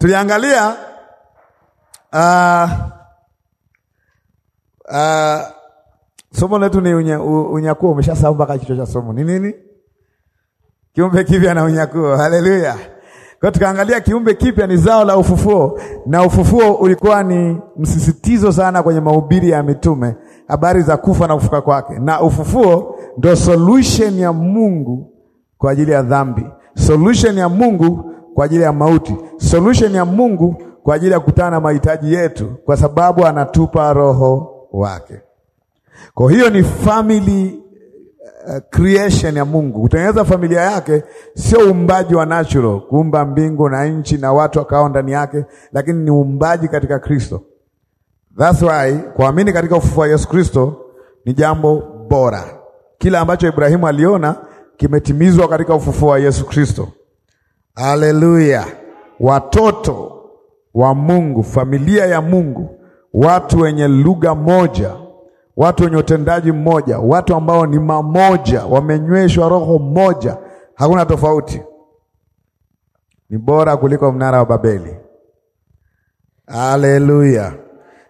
Tuliangalia uh, uh, somo letu ni unyakuo unya umeshasahau mpaka kichwa cha somo ni nini? Kiumbe kipya na unyakuo. Haleluya! Kwa tukaangalia kiumbe kipya ni zao la ufufuo, na ufufuo ulikuwa ni msisitizo sana kwenye mahubiri ya mitume, habari za kufa na kufuka kwake, na ufufuo ndo solution ya Mungu kwa ajili ya dhambi, solution ya Mungu kwa ajili ya mauti, solution ya Mungu kwa ajili ya kukutana na mahitaji yetu, kwa sababu anatupa roho wake. Kwa hiyo ni family eh, creation ya Mungu, kutengeneza familia yake, sio uumbaji wa natural, kuumba mbingu na nchi na watu akao ndani yake, lakini ni uumbaji katika Kristo. That's why kuamini katika ufufuo wa Yesu Kristo ni jambo bora. Kila ambacho Ibrahimu aliona kimetimizwa katika ufufuo wa Yesu Kristo. Haleluya! Watoto wa Mungu, familia ya Mungu, watu wenye lugha moja, watu wenye utendaji mmoja, watu ambao ni mamoja, wamenyweshwa roho moja, hakuna tofauti, ni bora kuliko mnara wa Babeli. Haleluya!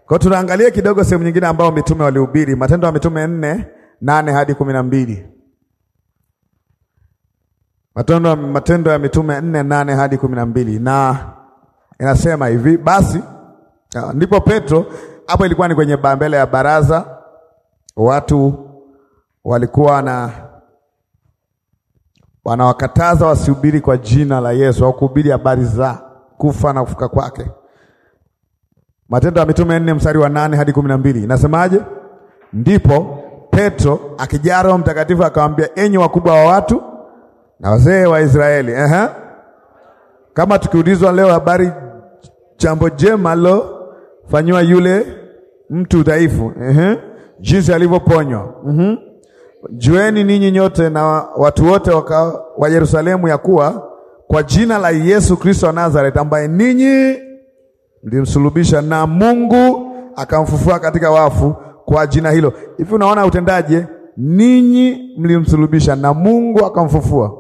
Kwa tunaangalia kidogo sehemu nyingine ambayo mitume walihubiri, Matendo ya Mitume nne nane hadi kumi na mbili. Matendo, Matendo ya Mitume nne nane hadi kumi na mbili na inasema hivi basi, ah, ndipo Petro hapo, ilikuwa ni kwenye mbele ya baraza, watu walikuwa na wanawakataza wasihubiri kwa jina la Yesu au kuhubiri habari za kufa na kufuka kwake. Matendo ya Mitume nne mstari wa nane hadi kumi na mbili inasemaje? Ndipo Petro akijaa Roho Mtakatifu akamwambia, enyi wakubwa wa watu na wazee wa Israeli. Aha. Kama tukiulizwa leo habari jambo jema lo fanywa yule mtu dhaifu, jinsi alivyoponywa. Jueni ninyi nyote na watu wote wa Yerusalemu ya kuwa kwa jina la Yesu Kristo wa Nazareth, ambaye ninyi mlimsulubisha na Mungu akamfufua katika wafu, kwa jina hilo. Hivi unaona utendaje? Ninyi mlimsulubisha na Mungu akamfufua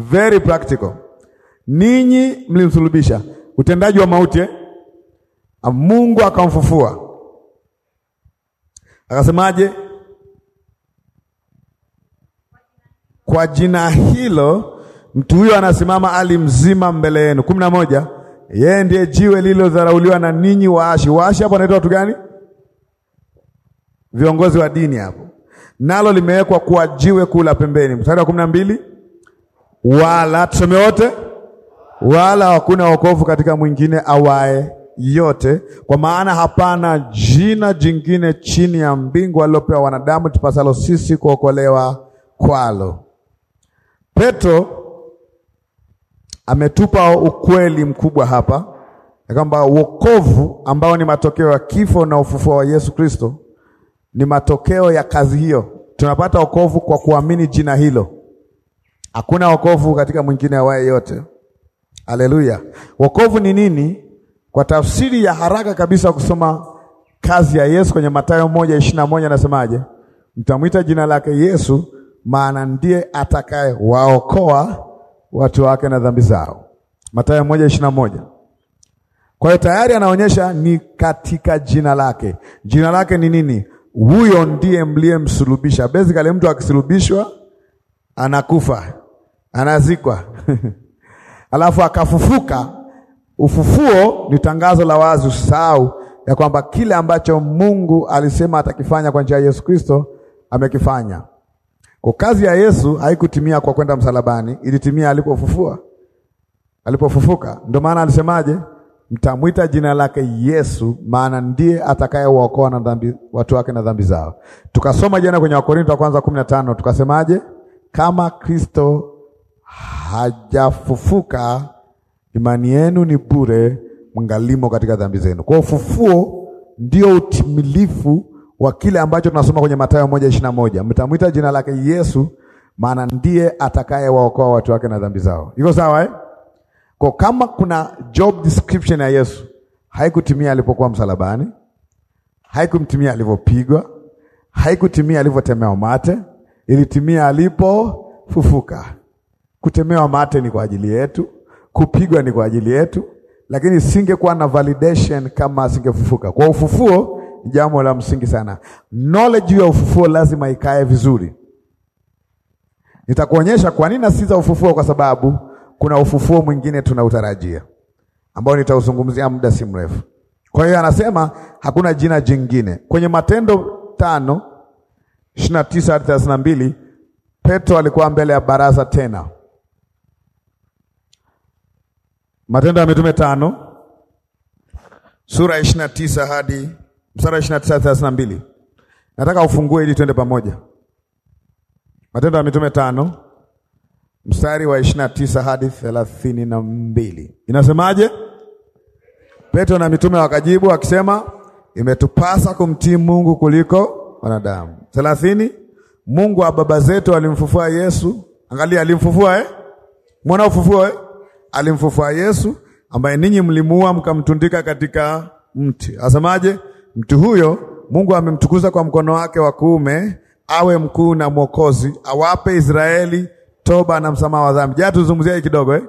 very practical. Ninyi mlimsulubisha utendaji wa mauti eh? Ah, Mungu akamfufua akasemaje? Kwa jina hilo mtu huyo anasimama ali mzima mbele yenu. kumi na moja. Yeye ndiye jiwe lililodharauliwa na ninyi waashi. Waashi hapo anaitwa watu gani? Viongozi wa dini hapo, nalo limewekwa kuwa jiwe kuu la pembeni. Mstari wa kumi na mbili wala tuseme wote, wala hakuna wokovu katika mwingine awaye yote, kwa maana hapana jina jingine chini ya mbingu alilopewa wanadamu tupasalo sisi kuokolewa kwalo. Petro ametupa ukweli mkubwa hapa ya kwamba wokovu ambao ni matokeo ya kifo na ufufuo wa Yesu Kristo ni matokeo ya kazi hiyo. Tunapata wokovu kwa kuamini jina hilo. Hakuna wokovu katika mwingine awaye yote. Haleluya! Wokovu ni nini? Kwa tafsiri ya haraka kabisa kusoma kazi ya Yesu kwenye Mathayo moja ishirini na moja anasemaje? Mtamwita jina lake Yesu, maana ndiye atakaye waokoa watu wake na dhambi zao. Mathayo moja ishirini na moja. Kwa hiyo tayari anaonyesha ni katika jina lake. Jina lake ni nini? Huyo ndiye mliyemsulubisha. Basically mtu akisulubishwa anakufa, anazikwa alafu akafufuka. Ufufuo ni tangazo la wazi, usisahau ya kwamba kile ambacho Mungu alisema atakifanya kwa njia ya Yesu Kristo amekifanya. Kwa kazi ya Yesu haikutimia kwa kwenda msalabani, ilitimia alipofufua, alipofufuka. Ndio maana alisemaje? Mtamwita jina lake Yesu, maana ndiye atakayewaokoa na dhambi watu wake na dhambi zao. Tukasoma jana kwenye Wakorinto wa kwanza 15 tukasemaje? Kama Kristo hajafufuka, imani yenu ni bure, mngalimo katika dhambi zenu. Kwa ufufuo ndio utimilifu wa kile ambacho tunasoma kwenye Mathayo moja ishirini na moja mtamwita jina lake Yesu, maana ndiye atakayewaokoa watu wake na dhambi zao. Iko sawa eh? Kwa kama kuna job description ya Yesu haikutimia alipokuwa msalabani, haikutimia alivyopigwa, haikutimia alivyotemewa mate, ilitimia alipofufuka. Kutemewa mate ni kwa ajili yetu, kupigwa ni kwa ajili yetu, lakini singekuwa na validation kama asingefufuka. Kwa ufufuo ni jambo la msingi sana. Knowledge ya ufufuo lazima ikae vizuri. Nitakuonyesha kwa nini nasiza ufufuo, kwa sababu kuna ufufuo mwingine tunautarajia ambao nitauzungumzia muda si mrefu. Kwa hiyo anasema hakuna jina jingine. Kwenye Matendo tano ishirini na tisa hadi thelathini na mbili Petro alikuwa mbele ya baraza tena Matendo ya Mitume tano sura ishirini na tisa hadi mstari ishirini na tisa thelathini na mbili nataka ufungue ili twende pamoja. Matendo ya Mitume tano mstari wa ishirini na tisa hadi thelathini na mbili inasemaje? Petro na mitume wakajibu akisema, imetupasa kumtii Mungu kuliko wanadamu. thelathini Mungu wa baba zetu alimfufua Yesu. Angalia, alimfufua eh? mwana ufufuo eh? alimfufua Yesu ambaye ninyi mlimuua mkamtundika katika mti. Asemaje? Mtu huyo Mungu amemtukuza kwa mkono wake wa kuume awe mkuu na mwokozi, awape Israeli toba na msamaha wa dhambi. Jana tuzungumzia kidogo eh?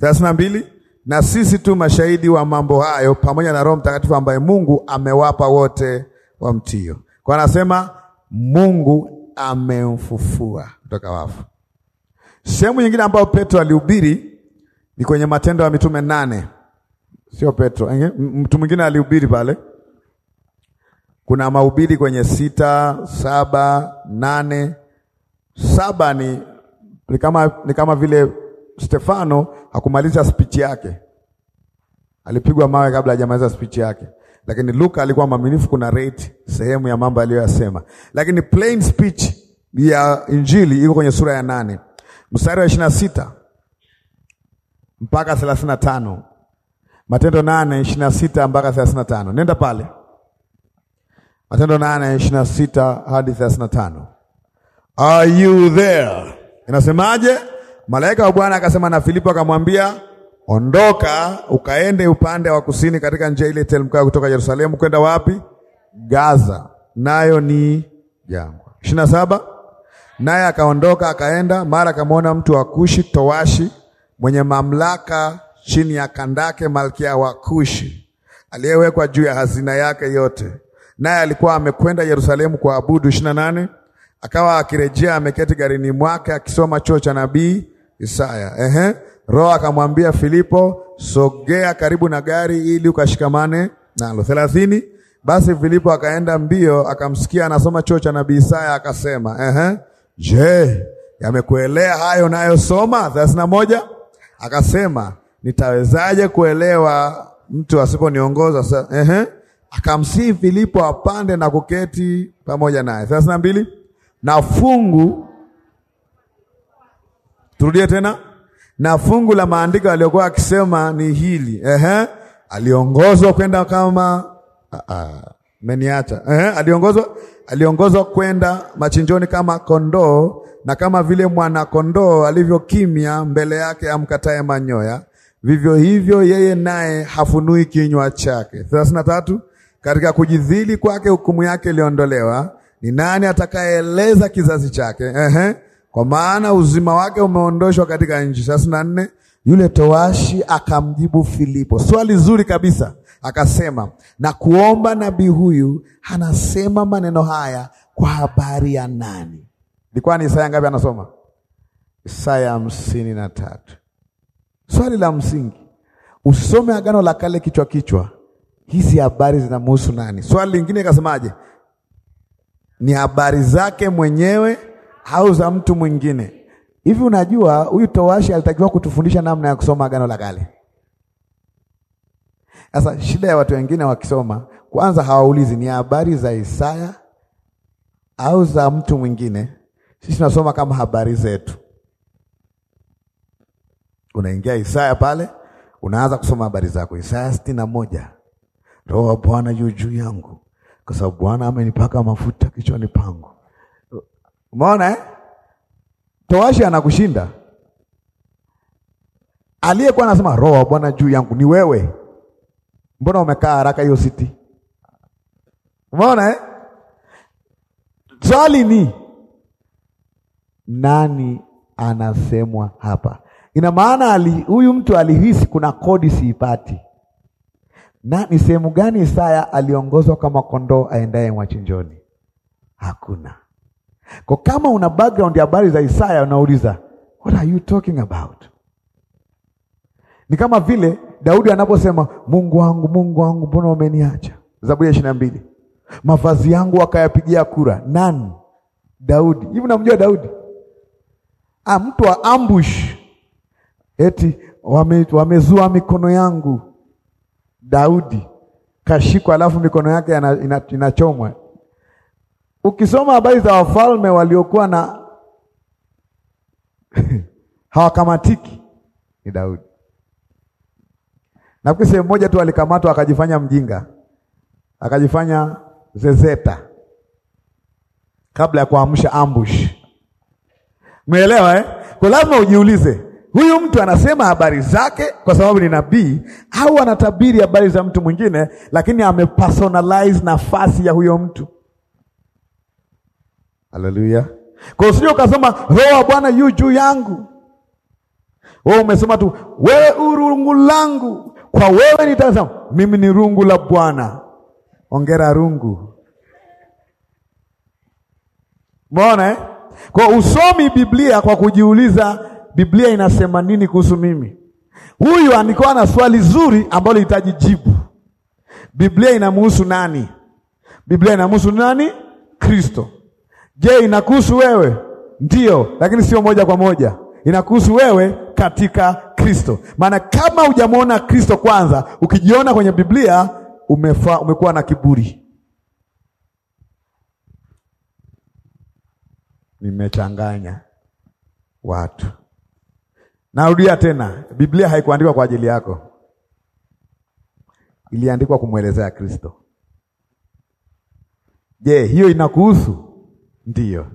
thelathini na mbili na sisi tu mashahidi wa mambo hayo pamoja na Roho Mtakatifu ambaye Mungu amewapa wote wa mtio. Kwa anasema Mungu amemfufua kutoka wafu. Sehemu nyingine ambayo Petro alihubiri ni kwenye Matendo ya Mitume nane, sio Petro. Mtu mwingine alihubiri pale. Kuna mahubiri kwenye sita, saba, nane. Saba ni, ni, kama, ni kama vile Stefano hakumaliza spichi yake, alipigwa mawe kabla hajamaliza spichi yake, lakini Luka alikuwa mwaminifu. Kuna rate sehemu ya mambo aliyoyasema, lakini plain speech ya Injili iko kwenye sura ya nane mstari wa ishirini na sita mpaka 35. Matendo 8:26 mpaka 35. Nenda pale. Matendo 8:26 hadi 35. Are you there? Inasemaje? Malaika wa Bwana akasema na Filipo akamwambia, ondoka ukaende upande wa kusini katika njia ile iteremkayo kutoka Yerusalemu kwenda wapi? Gaza. Nayo ni jangwa. 27. Naye akaondoka akaenda, mara akamwona mtu wa Kushi towashi mwenye mamlaka chini ya Kandake malkia wa Kushi, aliyewekwa juu ya hazina yake yote. Naye alikuwa amekwenda Yerusalemu kuabudu. ishirini na nane. Akawa akirejea ameketi garini mwake akisoma chuo cha nabii Isaya. Ehe, Roho akamwambia Filipo, sogea karibu na gari ili ukashikamane nalo. thelathini. Basi Filipo akaenda mbio, akamsikia anasoma chuo cha nabii Isaya, akasema ehe, je, yamekuelea hayo nayosoma? thelathini na moja Akasema, nitawezaje kuelewa mtu asiponiongoza? Sasa ehe, akamsihi Filipo apande na kuketi pamoja naye. thelathini na mbili na fungu, turudie tena, na fungu la maandiko aliyokuwa akisema ni hili ehe, aliongozwa kwenda kama meniacha ehe, aliongozwa aliongozwa kwenda machinjoni kama kondoo na kama vile mwanakondoo alivyokimya mbele yake amkataye manyoya, vivyo hivyo yeye naye hafunui kinywa chake. thelathini na tatu. Katika kujidhili kwake hukumu yake iliondolewa. Ni nani atakayeeleza kizazi chake? Ehe. Kwa maana uzima wake umeondoshwa katika nchi. thelathini na nne. Yule towashi akamjibu Filipo swali zuri kabisa, akasema na kuomba nabii huyu anasema maneno haya kwa habari ya nani? Ilikuwa ni Isaya ngapi anasoma? Isaya hamsini na tatu. Swali la msingi, usome Agano la Kale kichwa kichwa, hizi habari zinamhusu nani? Swali lingine ikasemaje? Ni habari zake mwenyewe au za mtu mwingine? Hivi unajua huyu towashi alitakiwa kutufundisha namna ya kusoma Agano la Kale. Sasa shida ya watu wengine wakisoma, kwanza hawaulizi ni habari za Isaya au za mtu mwingine sisi nasoma kama habari zetu. Unaingia Isaya pale, unaanza kusoma habari zako. Isaya sitini na moja, Roho wa Bwana yu juu yangu kwa sababu Bwana amenipaka mafuta kichwani pangu. Umeona eh? Toashi anakushinda aliyekuwa anasema Roho wa Bwana juu yangu ni wewe. Mbona umekaa haraka hiyo siti? Umeona eh? Swali ni nani anasemwa hapa? Ina maana huyu mtu alihisi kuna kodi siipati. Na ni sehemu gani Isaya aliongozwa kama kondoo aendaye mwachinjoni? Hakuna. Kwa kama una background ya habari za Isaya unauliza, what are you talking about? Ni kama vile Daudi anaposema Mungu wangu, Mungu wangu, mbona umeniacha? Zaburi ya ishirini na mbili mavazi yangu wakayapigia kura. Nani? Daudi. Hivi namjua Daudi? mtu wa ambush, eti wame, wamezua mikono yangu. Daudi kashikwa, alafu mikono yake inachomwa. Ukisoma habari za wafalme waliokuwa na hawakamatiki ni Daudi. Nafikiri sehemu moja tu alikamatwa akajifanya mjinga, akajifanya zezeta kabla ya kuamsha ambush Umeelewa eh? Kwa lazima ujiulize huyu mtu anasema habari zake kwa sababu ni nabii au anatabiri habari za mtu mwingine, lakini amepersonalize nafasi ya huyo mtu. Haleluya! Kwa usije ukasema roho wa Bwana yu juu yangu. Wewe umesema tu wewe urungu langu, kwa wewe nitasema mimi ni rungu la Bwana. Ongera rungu, mbona eh? Kwa usomi Biblia kwa kujiuliza Biblia inasema nini kuhusu mimi? Huyu alikuwa na swali zuri ambalo lihitaji jibu. Biblia inamhusu nani? Biblia inamhusu nani? Kristo. Je, inakuhusu wewe? Ndiyo, lakini sio moja kwa moja. Inakuhusu wewe katika Kristo. Maana kama hujamwona Kristo kwanza, ukijiona kwenye Biblia umefa, umekuwa na kiburi. nimechanganya watu. Narudia tena, Biblia haikuandikwa kwa ajili yako, iliandikwa kumwelezea Kristo. Je, hiyo inakuhusu? Ndiyo,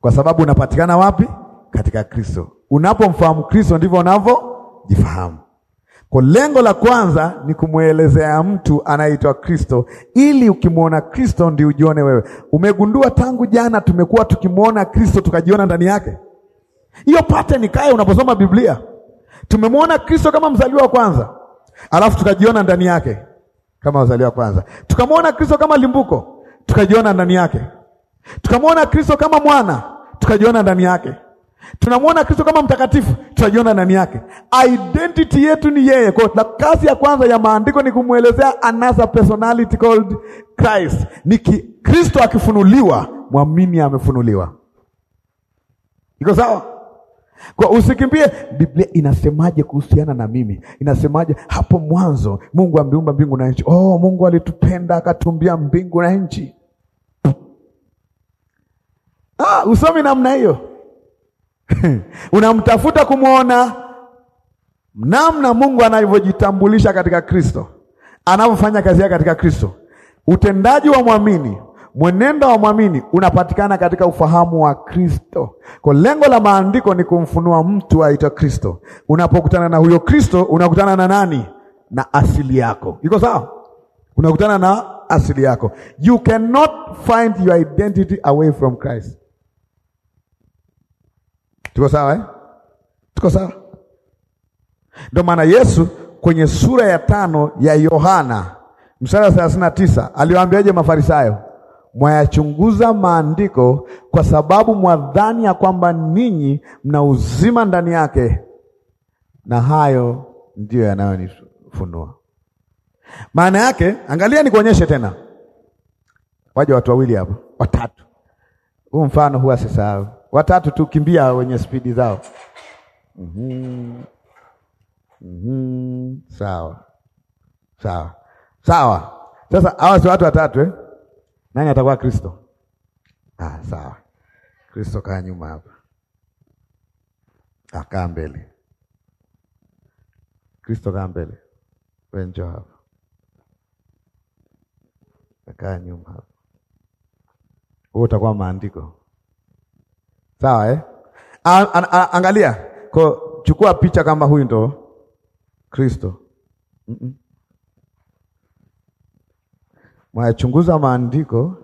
kwa sababu unapatikana wapi? Katika Kristo. Unapomfahamu Kristo ndivyo unavyojifahamu. Kwa lengo la kwanza ni kumwelezea mtu anayeitwa Kristo, ili ukimwona Kristo ndio ujione wewe. Umegundua tangu jana tumekuwa tukimwona Kristo tukajiona ndani yake. Hiyo pate ni kae unaposoma Biblia. Tumemwona Kristo kama mzaliwa wa kwanza, alafu tukajiona ndani yake kama wazaliwa wa kwanza. Tukamwona Kristo kama limbuko, tukajiona ndani yake. Tukamwona Kristo kama mwana, tukajiona ndani yake tunamwona Kristo kama mtakatifu, tunajiona ndani yake. Identity yetu ni yeye. Kwa hiyo kazi ya kwanza ya maandiko ni kumwelezea another personality called Christ. Ni Kristo akifunuliwa, mwamini amefunuliwa. Iko sawa? Kwa usikimbie Biblia inasemaje kuhusiana na mimi? Inasemaje hapo mwanzo Mungu ameumba mbingu na nchi. Oh, Mungu alitupenda akatumbia mbingu na nchi. Ah, usomi namna hiyo. unamtafuta kumwona namna Mungu anavyojitambulisha katika Kristo, anavyofanya kazi yake katika Kristo. Utendaji wa mwamini, mwenendo wa mwamini unapatikana katika ufahamu wa Kristo. Kwa lengo la maandiko ni kumfunua mtu aitwa Kristo. Unapokutana na huyo Kristo, unakutana na nani? Na asili yako. Iko sawa? Unakutana na asili yako. You cannot find your identity away from Christ. Tuko sawa eh? Tuko sawa. Ndio maana Yesu kwenye sura ya tano ya Yohana mstari wa thelathini na tisa aliwaambiaje Mafarisayo? Mwayachunguza maandiko kwa sababu mwadhani ya kwamba ninyi mna uzima ndani yake, na hayo ndiyo yanayonifunua. Maana yake, angalia, nikuonyeshe tena. Waje watu wawili hapa, watatu. Huu mfano huwa sisahau watatu tukimbia wenye spidi zao. mm -hmm. Mm -hmm. Sawa sawa sawa. Sasa hawa si watu watatu eh? Nani atakuwa Kristo? Ah, sawa. Kristo kaa nyuma hapa, akaa ah, mbele. Kristo kaa mbele, wewe njoo hapa, akaa nyuma hapa. Huo utakuwa maandiko Sawa eh? An -an -an Angalia kwa chukua picha kama huyu ndo Kristo. mm -mm. Mwachunguza maandiko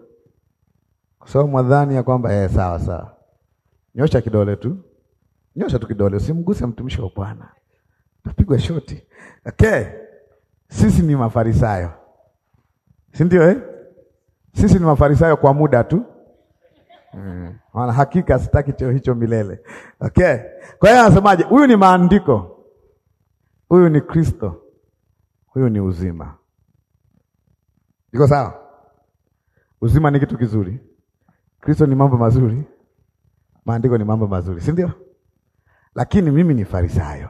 kwa sababu mwadhani ya kwamba eh, sawa sawa. Nyosha kidole tu, nyosha tu kidole, usimguse mtumishi wa Bwana, utapigwa shoti. Okay, sisi ni Mafarisayo, si ndio eh? Sisi ni Mafarisayo kwa muda tu Mm. Maana hakika sitaki cheo hicho milele. Okay. Kwa hiyo anasemaje? Huyu ni maandiko. Huyu ni Kristo. Huyu ni uzima. Iko sawa? Uzima ni kitu kizuri. Kristo ni mambo mazuri. Maandiko ni mambo mazuri, si ndio? Lakini mimi ni Farisayo.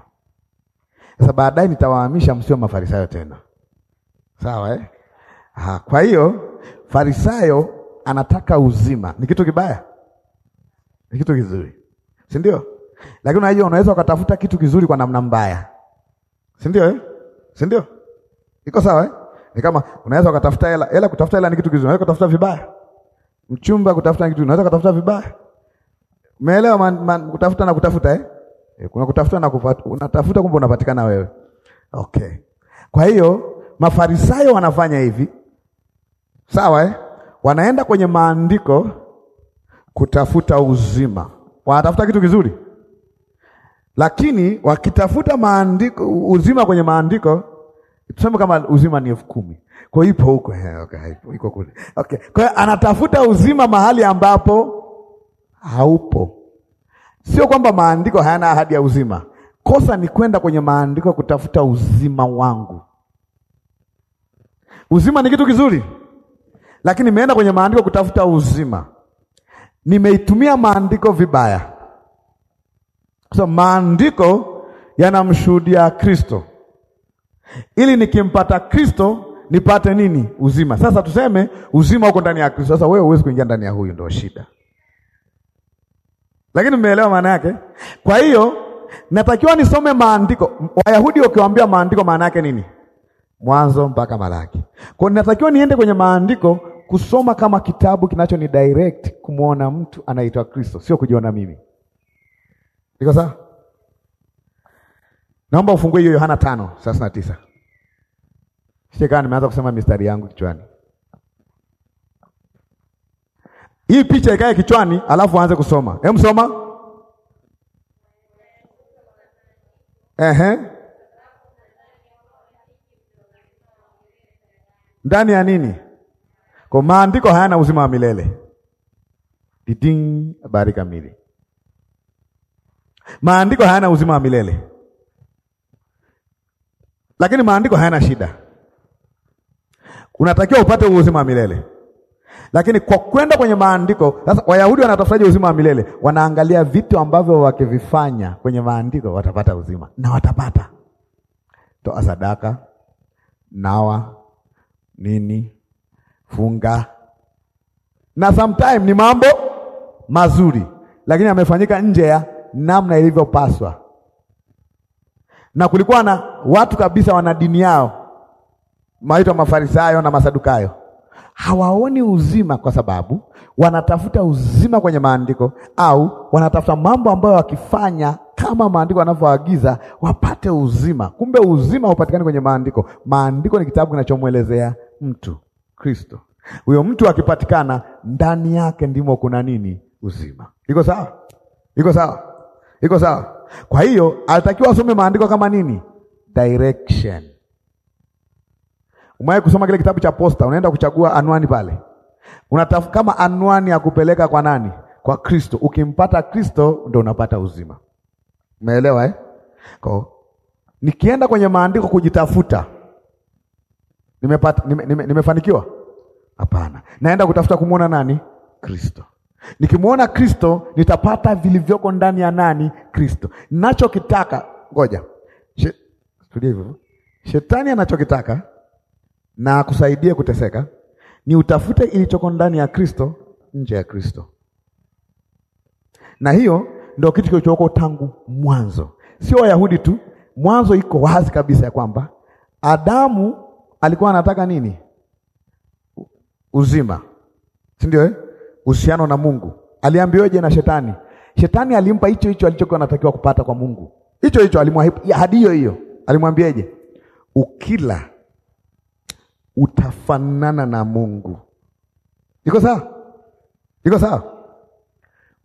Sasa baadaye nitawahamisha msio Mafarisayo tena. Sawa eh? Aha, kwa hiyo Farisayo anataka uzima. Ni kitu kibaya? Ni kitu kizuri, si ndio? Lakini unajua unaweza ukatafuta kitu kizuri kwa namna mbaya, si ndio eh? si ndio? Iko sawa eh? Ni kama unaweza ukatafuta hela. Hela, kutafuta hela ni kitu kizuri, unaweza kutafuta vibaya. Mchumba kutafuta kitu unaweza kutafuta vibaya. Umeelewa? Kutafuta na kutafuta eh? eh kuna kutafuta na kupata, unatafuta kumbe unapatikana wewe. Okay, kwa hiyo Mafarisayo wanafanya hivi, sawa eh? Wanaenda kwenye maandiko kutafuta uzima, wanatafuta kitu kizuri, lakini wakitafuta maandiko, uzima kwenye maandiko, tuseme kama uzima ni elfu kumi kwa ipo huko eh, iko kule, okay. Kwa hiyo anatafuta uzima mahali ambapo haupo. Sio kwamba maandiko hayana ahadi ya uzima. Kosa ni kwenda kwenye maandiko kutafuta uzima wangu. Uzima ni kitu kizuri lakini nimeenda kwenye maandiko kutafuta uzima, nimeitumia maandiko vibaya, kwa maandiko yanamshuhudia Kristo, ili nikimpata Kristo nipate nini? Uzima. Sasa tuseme uzima uko ndani ya Kristo. Sasa wewe huwezi kuingia ndani ya huyu, ndio shida. Lakini mmeelewa maana yake? Kwa hiyo natakiwa nisome maandiko. Wayahudi wakiwaambia maandiko, maana yake nini? Mwanzo mpaka Malaki. Kwa natakiwa niende kwenye maandiko kusoma kama kitabu ni direct kumwona mtu anaitwa Kristo, sio kujiona mimi. Niko sawa? Naomba ufungue hiyo Yohana tano thelathini na tisa. Sikaa nimeanza kusema mistari yangu kichwani. Hii picha ikae kichwani, alafu aanze kusoma. Hem, soma. Ehe, ndani ya nini? Kwa maandiko hayana uzima wa milele. Diding, habari kamili. Maandiko hayana uzima wa milele. Lakini maandiko hayana shida. Unatakiwa upate uzima wa milele. Lakini kwa kwenda kwenye maandiko sasa, Wayahudi wanatafutaje uzima wa milele? Wanaangalia vitu ambavyo wakivifanya kwenye maandiko watapata uzima, na watapata toa sadaka nawa nini funga. Na sometime ni mambo mazuri, lakini amefanyika nje ya namna ilivyopaswa, na kulikuwa na watu kabisa wana dini yao maitwa Mafarisayo na Masadukayo hawaoni uzima kwa sababu wanatafuta uzima kwenye maandiko au wanatafuta mambo ambayo wakifanya kama maandiko yanavyoagiza wapate uzima. Kumbe uzima haupatikani kwenye maandiko. Maandiko ni kitabu kinachomwelezea mtu. Kristo. Huyo mtu akipatikana ndani yake ndimo kuna nini? Uzima. Iko sawa? Iko sawa? Iko sawa? Kwa hiyo alitakiwa asome maandiko kama nini? Direction. Umewahi kusoma kile kitabu cha posta, unaenda kuchagua anwani pale, unatafuta kama anwani ya kupeleka kwa nani? Kwa Kristo. Ukimpata Kristo ndio unapata uzima. Umeelewa eh? Kwa nikienda kwenye maandiko kujitafuta Nimepata, nime, nime, nimefanikiwa? Hapana, naenda kutafuta kumwona nani? Kristo. Nikimwona Kristo nitapata vilivyoko ndani ya nani? Kristo. Nachokitaka, ngoja tulie hivyo. Shetani anachokitaka na kusaidia kuteseka ni utafute ilichoko ndani ya Kristo nje ya Kristo, na hiyo ndio kitu kilichoko tangu mwanzo. Sio Wayahudi tu, mwanzo iko wazi kabisa ya kwamba Adamu alikuwa anataka nini? Uzima, si ndio eh? Uhusiano na Mungu. Aliambiwaje na shetani? Shetani alimpa hicho hicho alichokuwa anatakiwa kupata kwa Mungu, hicho hicho alimwahi hadi hiyo hiyo. Alimwambiaje? Ukila utafanana na Mungu. Iko sawa? Iko sawa?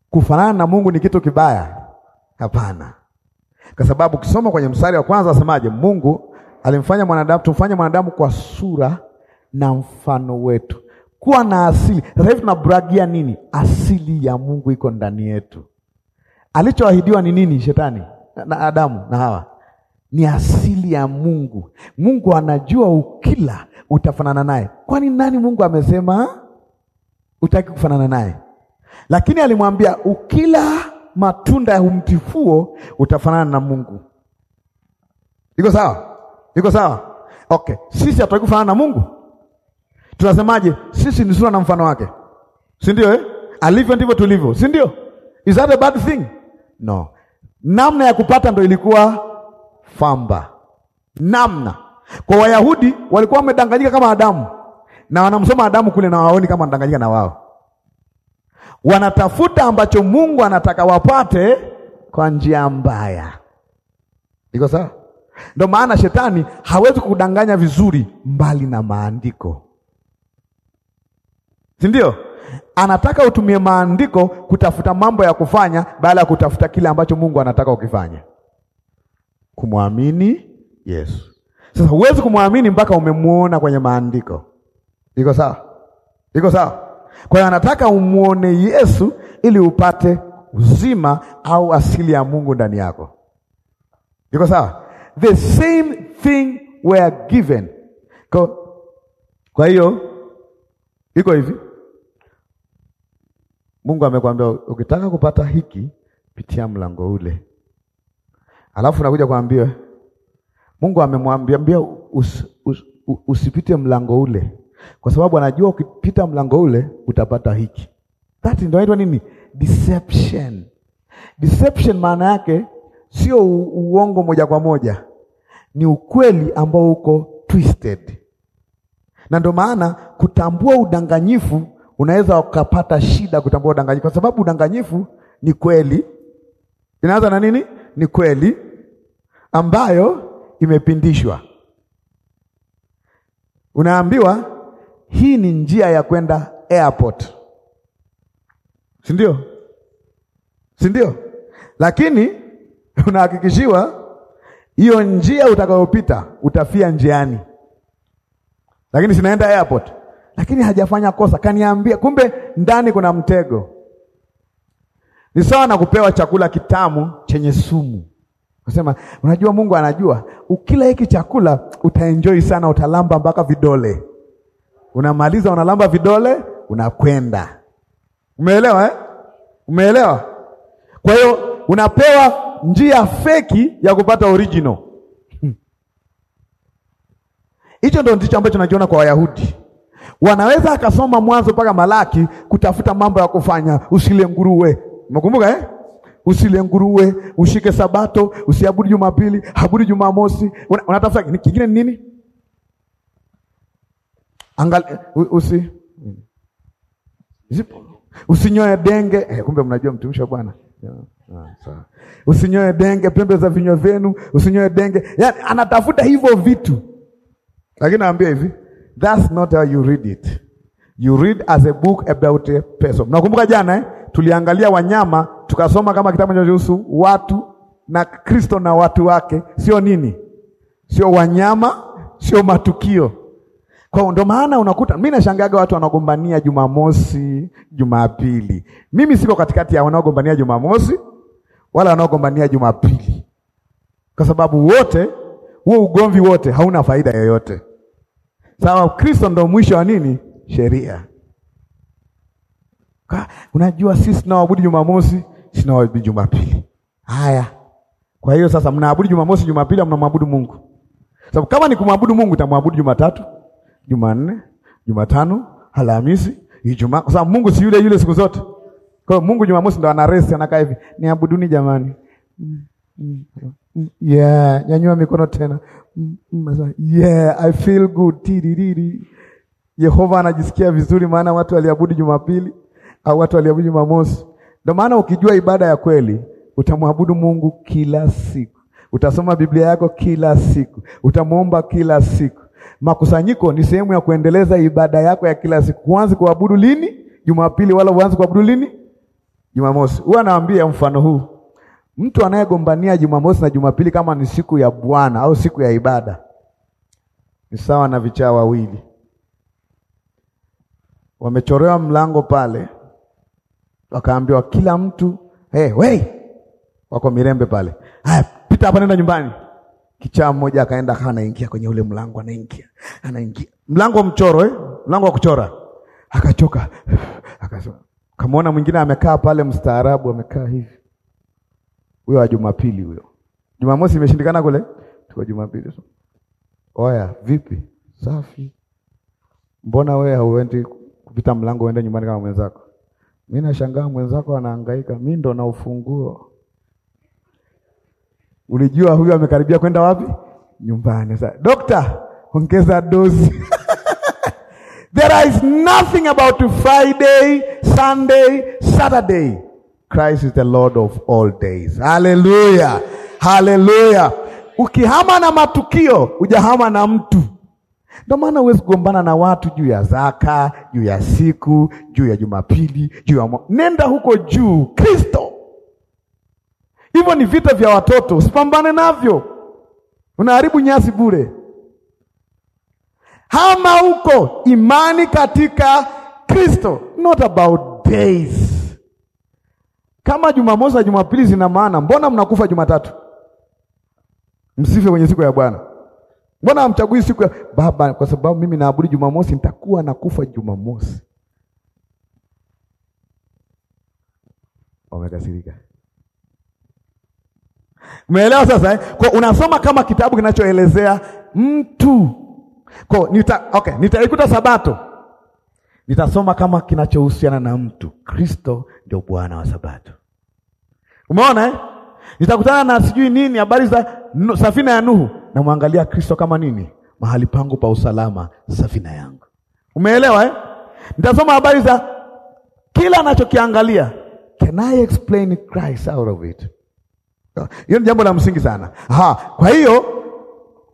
Kufanana na Mungu ni kitu kibaya? Hapana, kwa sababu ukisoma kwenye mstari wa kwanza asemaje? Mungu alimfanya mwanadamu, tumfanye mwanadamu kwa sura na mfano wetu, kuwa na asili. Sasa hivi tunabragia nini? Asili ya Mungu iko ndani yetu. Alichoahidiwa ni nini? Shetani na Adamu na Hawa ni asili ya Mungu. Mungu anajua ukila utafanana naye. Kwani nani Mungu amesema utaki kufanana naye? Lakini alimwambia ukila matunda ya umtifuo utafanana na Mungu. Iko sawa? Iko sawa? Okay, sisi hatutaki kufanana na Mungu. Tunasemaje? Sisi ni sura na mfano wake, si ndio eh? Alivyo ndivyo tulivyo, si ndio? Is that a bad thing? No. Namna ya kupata ndo ilikuwa famba. Namna kwa Wayahudi walikuwa wamedanganyika kama Adamu, na wanamsoma Adamu kule na waoni kama wanadanganyika na wao, wanatafuta ambacho Mungu anataka wapate kwa njia mbaya. Iko sawa? Ndio maana shetani hawezi kudanganya vizuri mbali na maandiko, si ndio? Anataka utumie maandiko kutafuta mambo ya kufanya badala ya kutafuta kile ambacho Mungu anataka ukifanya, kumwamini Yesu. Sasa huwezi kumwamini mpaka umemwona kwenye maandiko. Iko sawa? Iko sawa? Kwa hiyo anataka umwone Yesu ili upate uzima au asili ya Mungu ndani yako. Iko sawa? the same thing were given. Kwa hiyo iko hivi, Mungu amekwambia ukitaka kupata hiki, pitia mlango ule, alafu nakuja kuambia Mungu amemwambia us, us, usipite mlango ule, kwa sababu anajua ukipita mlango ule utapata hiki. That ndio inaitwa nini? Deception. Deception maana yake sio uongo moja kwa moja, ni ukweli ambao uko twisted, na ndio maana kutambua udanganyifu unaweza ukapata shida kutambua udanganyifu, kwa sababu udanganyifu ni kweli, inaanza na nini? Ni kweli ambayo imepindishwa. Unaambiwa hii ni njia ya kwenda airport, si ndio? Si ndio? Lakini unahakikishiwa hiyo njia utakayopita utafia njiani. Lakini sinaenda airport, lakini hajafanya kosa, kaniambia kumbe ndani kuna mtego. Ni sawa na kupewa chakula kitamu chenye sumu. Nasema unajua, Mungu anajua ukila hiki chakula utaenjoy sana, utalamba mpaka vidole. Unamaliza unalamba vidole, unakwenda. Umeelewa eh? Umeelewa? Kwa hiyo unapewa njia feki ya kupata original. Hicho ndio ndicho ambacho nakiona kwa Wayahudi. Wanaweza akasoma Mwanzo mpaka Malaki kutafuta mambo ya kufanya, usile nguruwe, umekumbuka eh? Usile nguruwe, ushike Sabato, usiabudu Jumapili, abudu Jumamosi. Unatafuta una kingine ni nini? Angalia usi usinyoe denge eh, kumbe mnajua mtumishi wa Bwana yeah usinywe Usinyoe denge, pembe za vinywa vyenu, usinyoe denge. Yani anatafuta hivyo vitu. Lakini naambia hivi, that's not how you read it. You read as a book about a person. Nakumbuka jana eh, tuliangalia wanyama, tukasoma kama kitabu kinachohusu watu na Kristo na watu wake, sio nini? Sio wanyama, sio matukio. Kwa ndo maana unakuta mimi nashangaga watu wanagombania Jumamosi, Jumapili. Mimi siko katikati ya wanaogombania Jumamosi wala wanaogombania Jumapili, kwa sababu wote huo ugomvi wote hauna faida yoyote. Sawa, Kristo ndo mwisho wa nini? Sheria. Ka, unajua sisi tunaabudu Jumamosi, tunaabudu Jumapili. Haya, kwa hiyo sasa mnaabudu Jumamosi, Jumapili au mnamwabudu Mungu? Sababu kama ni kumwabudu Mungu utamwabudu Jumatatu, Jumanne, Jumatano, Alhamisi, Ijumaa, kwa sababu Mungu si yule yule siku zote. Kwa hiyo Mungu Jumamosi ndo ana resi, anakaa hivi, niabuduni jamani. yeah, nyanyua mikono tena. yeah, I feel good. Tiririri. Yehova anajisikia vizuri, maana watu waliabudu Jumapili au watu waliabudu Jumamosi. Ndio maana ukijua ibada ya kweli utamwabudu Mungu kila siku, utasoma Biblia yako kila siku, utamwomba kila siku. Makusanyiko ni sehemu ya kuendeleza ibada yako ya kila siku. Huanzi kuabudu lini? Jumapili, wala uanze kuabudu lini? Jumamosi. Huwa naambia mfano huu, mtu anayegombania Jumamosi na Jumapili kama ni siku ya Bwana au siku ya ibada ni sawa na vichaa wawili. Wamechorewa mlango pale, wakaambiwa kila mtu hey, hey, wako Mirembe pale, haya pita hapa, nenda nyumbani. Kichaa mmoja akaenda, anaingia kwenye ule mlango, anaingia anaingia, mlango mchoro eh? mlango wa kuchora, akachoka akasema Ukamwona mwingine amekaa pale mstaarabu, amekaa hivi. Huyo wa Jumapili huyo. Jumamosi imeshindikana kule, tuko Jumapili. Oya, vipi? Safi. Mbona wewe hauendi kupita mlango uende nyumbani kama mwenzako? Mimi nashangaa mwenzako anahangaika, mimi ndo na ufunguo. Ulijua huyo amekaribia kwenda wapi? Nyumbani. Sasa, dokta, ongeza dozi. There is nothing about Friday, Sunday, Saturday. Christ is the Lord of all days. Hallelujah. Hallelujah. Ukihama na matukio, ujahama na mtu. Ndio maana huwezi kugombana na watu juu ya zaka, juu ya siku, juu ya Jumapili, juu ya nenda huko juu Kristo. Hivyo ni vita vya watoto, usipambane navyo, unaharibu nyasi bure. Hama huko imani katika Kristo, not about days. Kama Jumamosi na Jumapili zina maana, mbona mnakufa Jumatatu? Msife kwenye siku ya Bwana. Mbona hamchagui siku ya Baba? Kwa sababu mimi naabudu Jumamosi, nitakuwa nakufa Jumamosi. Wamekasirika. Umeelewa sasa eh? Kwa unasoma kama kitabu kinachoelezea mtu kwa nita okay, nitaikuta Sabato nitasoma kama kinachohusiana na mtu. Kristo ndio Bwana wa Sabato. Umeona eh? Nitakutana na sijui nini habari za safina ya Nuhu, namwangalia Kristo kama nini, mahali pangu pa usalama, safina yangu. Umeelewa eh? Nitasoma habari za kila anachokiangalia, can I explain Christ out of it? Hiyo ni jambo la msingi sana. Aha, kwa hiyo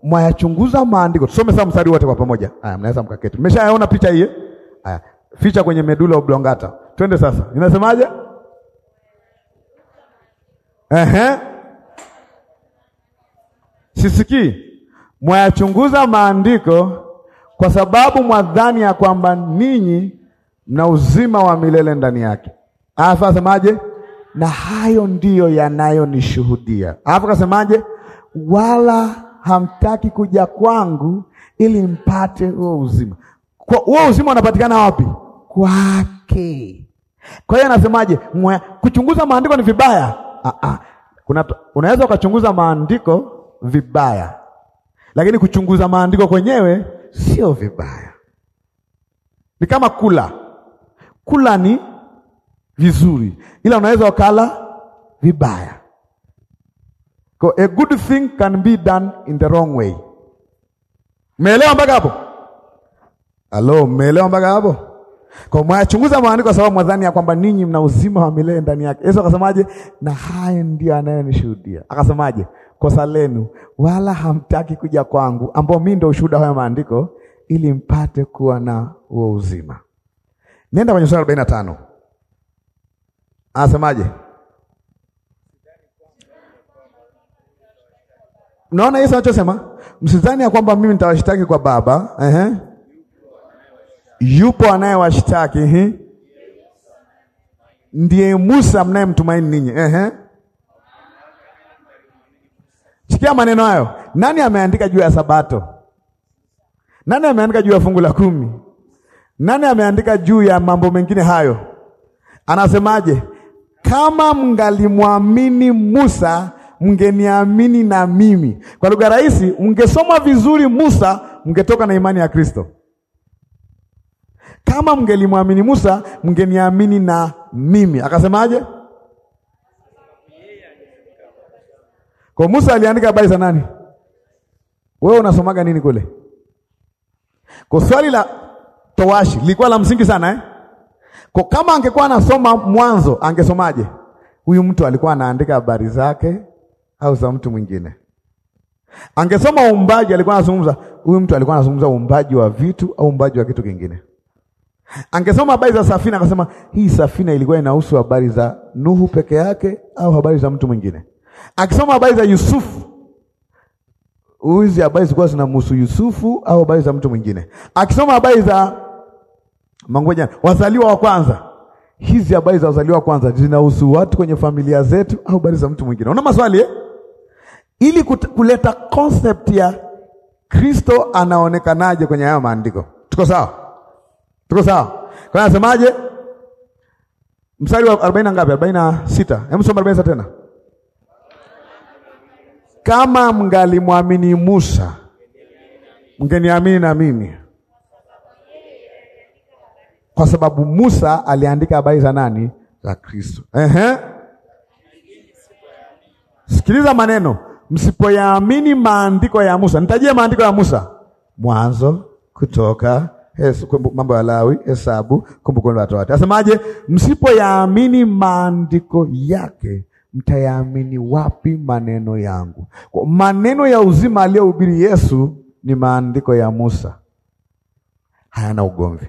mwayachunguza maandiko. Tusome sasa mstari wote kwa pamoja. Haya, mnaweza mkaketi. Mmeshayaona picha hii? Haya, ficha kwenye medula oblongata. Twende sasa, inasemaje? Ehe, sisikii. Mwayachunguza maandiko kwa sababu mwadhani ya kwamba ninyi mna uzima wa milele ndani yake. Alafu asemaje? Na hayo ndiyo yanayonishuhudia. Alafu kasemaje? wala hamtaki kuja kwangu ili mpate huo uzima. Huo uzima unapatikana wapi? Kwake. Kwa hiyo anasemaje? Kuchunguza maandiko ni vibaya? Kuna, unaweza ukachunguza maandiko vibaya, lakini kuchunguza maandiko kwenyewe sio vibaya. Ni kama kula, kula ni vizuri, ila unaweza ukala vibaya. Kwa a good thing can be done in the wrong way. Umeelewa mpaka hapo? Alo, umeelewa mpaka hapo? Kwa mwachunguza maandiko kwa sababu mwadhani ya kwamba ninyi mna uzima wa milele ndani yake. Yesu akasemaje? Na haya ndiyo anayonishuhudia. Akasemaje? Kosa lenu wala hamtaki kuja kwangu, ambao mimi ndio ushuhuda haya maandiko, ili mpate kuwa na huo uzima. Nenda kwenye sura 45. Anasemaje? Unaona Yesu anachosema, msidhani ya kwamba mimi nitawashitaki kwa Baba. Ehe, yupo anayewashtaki, ndiye Musa mnayemtumaini ninyi. Ehe, sikia maneno hayo. Nani ameandika juu ya Sabato? Nani ameandika juu ya fungu la kumi? Nani ameandika juu ya mambo mengine hayo? Anasemaje? Kama mngalimwamini Musa mngeniamini na mimi. Kwa lugha rahisi, mngesoma vizuri Musa, mngetoka na imani ya Kristo. Kama mngelimwamini Musa, mngeniamini na mimi. Akasemaje? Kwa Musa aliandika habari za nani? Wewe unasomaga nini kule? Kwa swali la towashi lilikuwa la msingi sana eh? Kwa kama angekuwa anasoma mwanzo, angesomaje? Huyu mtu alikuwa anaandika habari zake au za mtu mwingine. Angesoma uumbaji, alikuwa anazungumza huyu mtu alikuwa anazungumza uumbaji wa vitu au uumbaji wa kitu kingine. Angesoma habari za safina, akasema hii safina ilikuwa inahusu habari za Nuhu peke yake au habari za mtu mwingine. Akisoma habari za Yusufu, hizi habari zilikuwa zinamhusu Yusufu au habari za mtu mwingine. Akisoma habari za mangoja, wazaliwa wa kwanza, hizi habari za wazaliwa wa kwanza zinahusu watu kwenye familia zetu au habari za mtu mwingine? Una maswali eh? ili kuleta concept ya Kristo anaonekanaje kwenye haya maandiko. Tuko sawa? Tuko sawa? Kwa nasemaje? Mstari wa 40 na ngapi? 46. Hebu soma 46 tena. Kama mngalimwamini Musa, mngeniamini na mimi, kwa sababu Musa aliandika habari za nani? Za Kristo. Ehe, sikiliza maneno msipoyaamini maandiko ya Musa. Nitajie maandiko ya Musa, Mwanzo, Kutoka, Mambo ya Lawi, Hesabu, Kumbukumbu la Torati. Asemaje? Msipoyaamini maandiko yake mtayaamini wapi maneno yangu? Kwa maneno ya uzima aliyohubiri Yesu ni maandiko ya Musa, hayana ugomvi.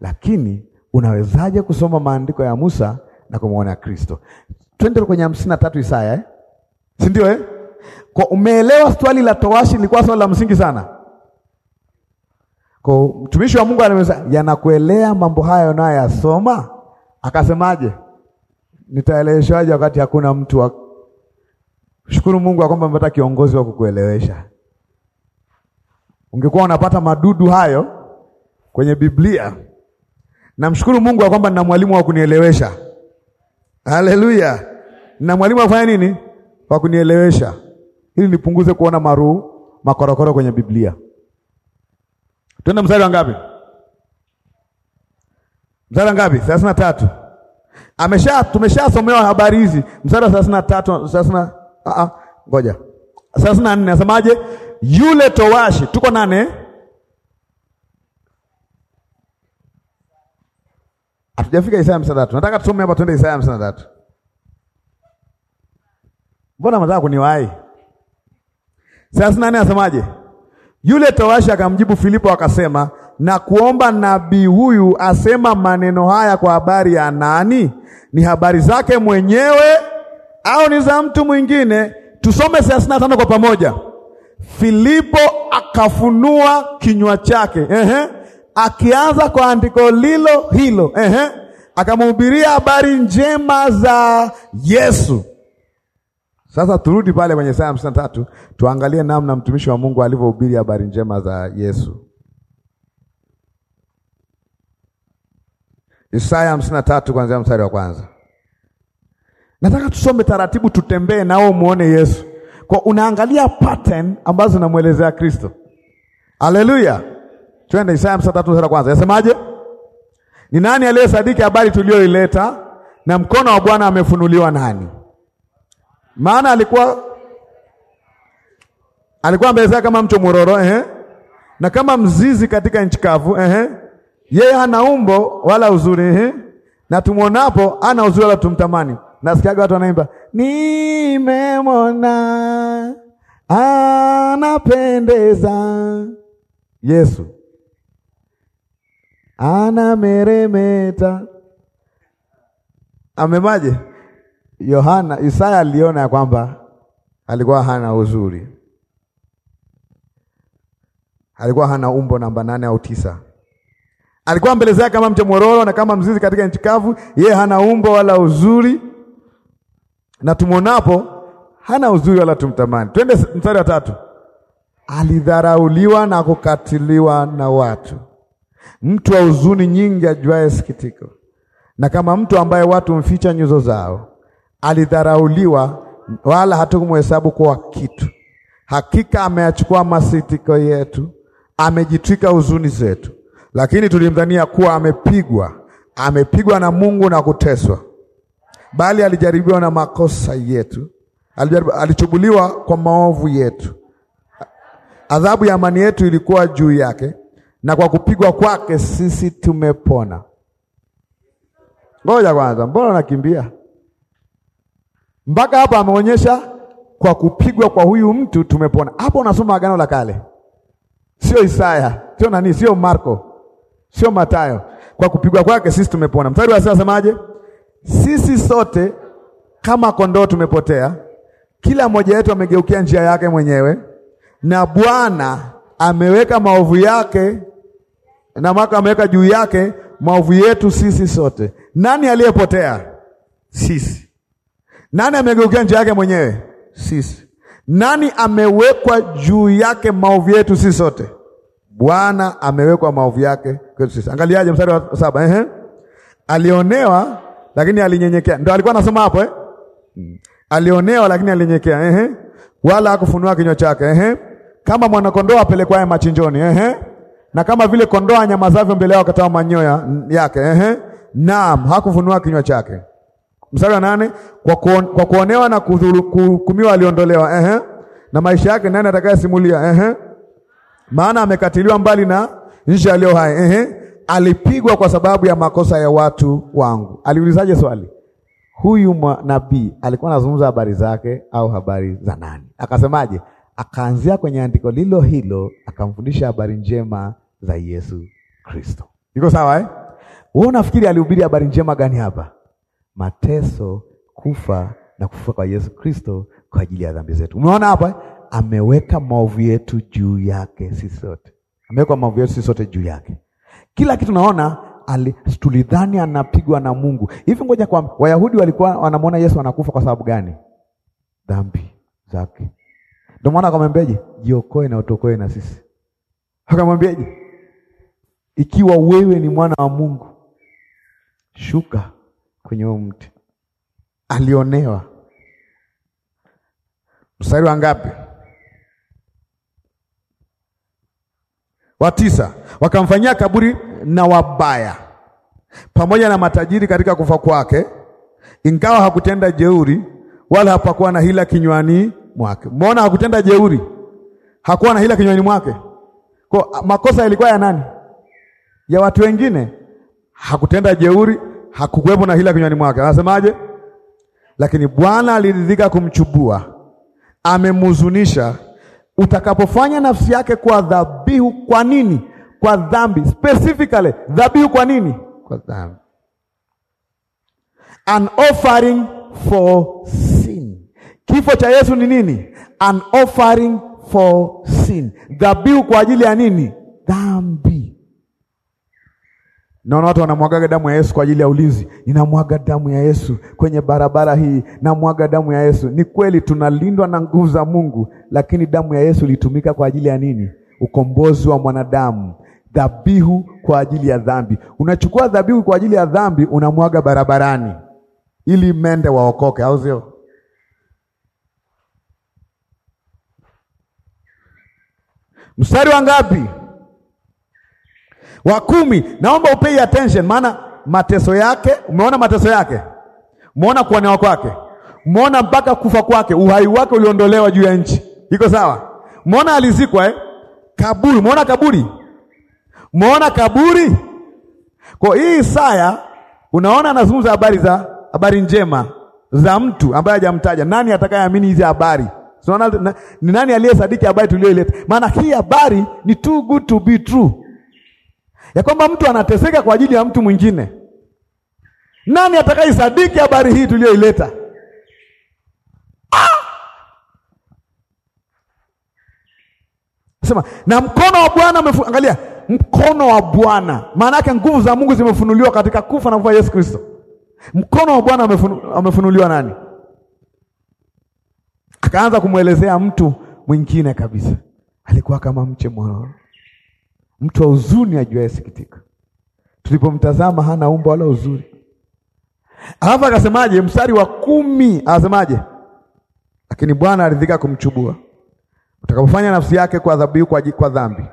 Lakini unawezaje kusoma maandiko ya Musa na kumwona Kristo? Twende kwenye hamsini na tatu Isaya eh? si ndio eh? Kwa umeelewa swali la towashi lilikuwa swali la msingi sana. Kwa mtumishi wa Mungu anaweza yanakuelea mambo hayo nayo yasoma, akasemaje? Nitaeleweshaje wakati hakuna mtu wa... Shukuru Mungu kwamba umepata kiongozi wa kukuelewesha. Ungekuwa unapata madudu hayo kwenye Biblia. Namshukuru Mungu kwamba nina mwalimu wa kunielewesha. Haleluya! Na mwalimu afanya nini? kwa kunielewesha ili nipunguze kuona maru makorokoro kwenye Biblia. Twende mstari wa ngapi? Mstari wa ngapi? thelathini na tatu. Amesha tumeshasomewa habari hizi, mstari wa thelathini na tatu. Thelathini na a ah, a, ah, ngoja, thelathini na nne nasemaje? Yule towashi, tuko nane, hatujafika Isaya hamsini na tatu. Nataka tusome hapa, twende Isaya hamsini na tatu. Mbona mnataka kuniwahi? Thelathini na nne Yule towashi akamjibu Filipo akasema, na kuomba nabii huyu asema maneno haya kwa habari ya nani? Ni habari zake mwenyewe au ni za mtu mwingine? Tusome thelathini na tano kwa pamoja. Filipo akafunua kinywa chake, ehe, akianza kwa andiko lilo hilo, ehe, akamhubiria habari njema za Yesu sasa turudi pale kwenye Isaya hamsini na tatu tuangalie namna mtumishi wa Mungu alivyohubiri habari njema za Yesu. Isaya hamsini na tatu kuanzia mstari wa kwanza. Nataka tusome taratibu, tutembee nao muone Yesu. Kwa unaangalia pattern ambazo zinamwelezea Kristo. Haleluya, twende Isaya hamsini na tatu mstari wa kwanza, yasemaje? Ni nani aliyesadiki habari tuliyoileta, na mkono wa Bwana amefunuliwa nani? maana alikuwa alikuwa mbezea kama mto mororo eh, na kama mzizi katika nchi kavu eh, yeye hana umbo wala uzuri eh, na tumwonapo ana uzuri wala tumtamani. Nasikiaga watu wanaimba, nimemona anapendeza Yesu anameremeta, amemaje? Yohana, Isaya aliona ya kwamba alikuwa hana uzuri, alikuwa hana umbo namba nane au tisa. Alikuwa mbele zake kama mche mwororo na kama mzizi katika nchi kavu, yeye hana umbo wala uzuri, na tumwonapo hana uzuri wala tumtamani. Twende mstari wa tatu. Alidharauliwa na kukatiliwa na watu, mtu wa huzuni nyingi, ajuaye sikitiko, na kama mtu ambaye watu mficha nyuso zao alidharauliwa, wala hatukumuhesabu kuwa kitu. Hakika ameyachukua masitiko yetu, amejitwika huzuni zetu, lakini tulimdhania kuwa amepigwa, amepigwa na Mungu na kuteswa. Bali alijaribiwa na makosa yetu, alichubuliwa kwa maovu yetu, adhabu ya amani yetu ilikuwa juu yake, na kwa kupigwa kwake sisi tumepona. Ngoja kwanza, mbona nakimbia? Mpaka hapa ameonyesha kwa kupigwa kwa huyu mtu tumepona. Hapo unasoma Agano la Kale, sio Isaya, sio nani, sio Marko, sio Matayo. Kwa kupigwa kwake sisi tumepona. Mstari wa sasa asemaje? Sisi sote kama kondoo tumepotea, kila mmoja wetu amegeukia njia yake mwenyewe, na Bwana ameweka maovu yake na maka ameweka juu yake maovu yetu sisi sote. Nani aliyepotea? Sisi. Nani amegeukia njia yake mwenyewe? Sisi. Nani amewekwa juu yake maovu yetu sisi sote? Bwana amewekwa maovu yake kwetu sisi. Angaliaje mstari wa saba. Ehe. Alionewa lakini alinyenyekea. Ndio alikuwa anasoma hapo eh? Alionewa lakini alinyenyekea. Ehe. Wala hakufunua kinywa chake. Ehe. Kama mwanakondoo apelekwaye machinjoni. Ehe. Na kama vile kondoo anyamazavyo mbele yao akatoa manyoya yake. Ehe. Naam, hakufunua kinywa chake mstari wa nane kwa, kuon, kwa kuonewa na kuhukumiwa aliondolewa. Ehe, na maisha yake nani atakayesimulia? Ehe, maana amekatiliwa mbali na nchi aliyo hai. Ehe, alipigwa kwa sababu ya makosa ya watu wangu. Aliulizaje swali? Huyu nabii alikuwa anazungumza habari zake au habari za nani? Akasemaje? Akaanzia kwenye andiko lilo hilo, akamfundisha habari njema za Yesu Kristo. Iko sawa eh? Wewe unafikiri alihubiri habari njema gani hapa? mateso, kufa na kufufuka kwa Yesu Kristo kwa ajili ya dhambi zetu. Umeona hapa, eh? ameweka maovu yetu juu yake sisi sote, ameweka maovu yetu sisi sote juu yake. Kila kitu naona tulidhani anapigwa na Mungu hivi. Ngoja kwa Wayahudi walikuwa wanamwona Yesu anakufa kwa sababu gani? Dhambi zake. Ndio maana akamwambiaje, jiokoe na utokoe na sisi. Akamwambiaje, ikiwa wewe ni mwana wa Mungu, shuka kwenye huo mti, alionewa. Mstari wa ngapi? wa tisa. Wakamfanyia kaburi na wabaya pamoja na matajiri katika kufa kwake, ingawa hakutenda jeuri wala hapakuwa na hila kinywani mwake. Mbona hakutenda jeuri, hakuwa na hila kinywani mwake. Kwa makosa yalikuwa ya nani? Ya watu wengine. Hakutenda jeuri, hakukuwepo na hila kinywani mwake. Anasemaje? Lakini Bwana aliridhika kumchubua, amemhuzunisha. Utakapofanya nafsi yake kwa dhabihu, kwa nini? Kwa dhambi, specifically dhabihu. Kwa nini? Kwa dhambi, an offering for sin. Kifo cha Yesu ni nini? An offering for sin, dhabihu kwa ajili ya nini? Dhambi. Naona watu wanamwagaga damu ya Yesu kwa ajili ya ulinzi. Ninamwaga damu ya Yesu kwenye barabara hii, namwaga damu ya Yesu. Ni kweli tunalindwa na nguvu za Mungu, lakini damu ya Yesu ilitumika kwa ajili ya nini? Ukombozi wa mwanadamu, dhabihu kwa ajili ya dhambi. Unachukua dhabihu kwa ajili ya dhambi, unamwaga barabarani ili mende waokoke, au sio? Mstari wa ngapi? wa kumi, naomba upei attention, maana mateso yake, umeona mateso yake, umeona kuonewa kwake, umeona mpaka kufa kwake, uhai wake uliondolewa juu ya nchi. Iko sawa? Umeona alizikwa eh? Kaburi, umeona kaburi, umeona kaburi. Kwa hii Isaya unaona anazungumza habari za habari njema za mtu ambaye hajamtaja. Nani atakayeamini hizi habari? Ni nani aliyesadiki habari tuliyoileta? Maana hii habari ni too good to be true ya kwamba mtu anateseka kwa ajili ya mtu mwingine. Nani atakaisadiki habari hii tuliyoileta? Ah! Sema, na mkono wa Bwana umefu... angalia mkono wa Bwana, maana yake nguvu za Mungu zimefunuliwa katika kufa na kufa Yesu Kristo. Mkono wa Bwana amefunuliwa nani? Akaanza kumwelezea mtu mwingine kabisa, alikuwa kama mche mwororo mtu wa huzuni ajua sikitika. Tulipomtazama hana umbo wala uzuri. Alafu akasemaje? Mstari wa kumi anasemaje? Lakini Bwana aridhika kumchubua, utakapofanya nafsi yake kwa dhabihu kwa, kwa dhambi,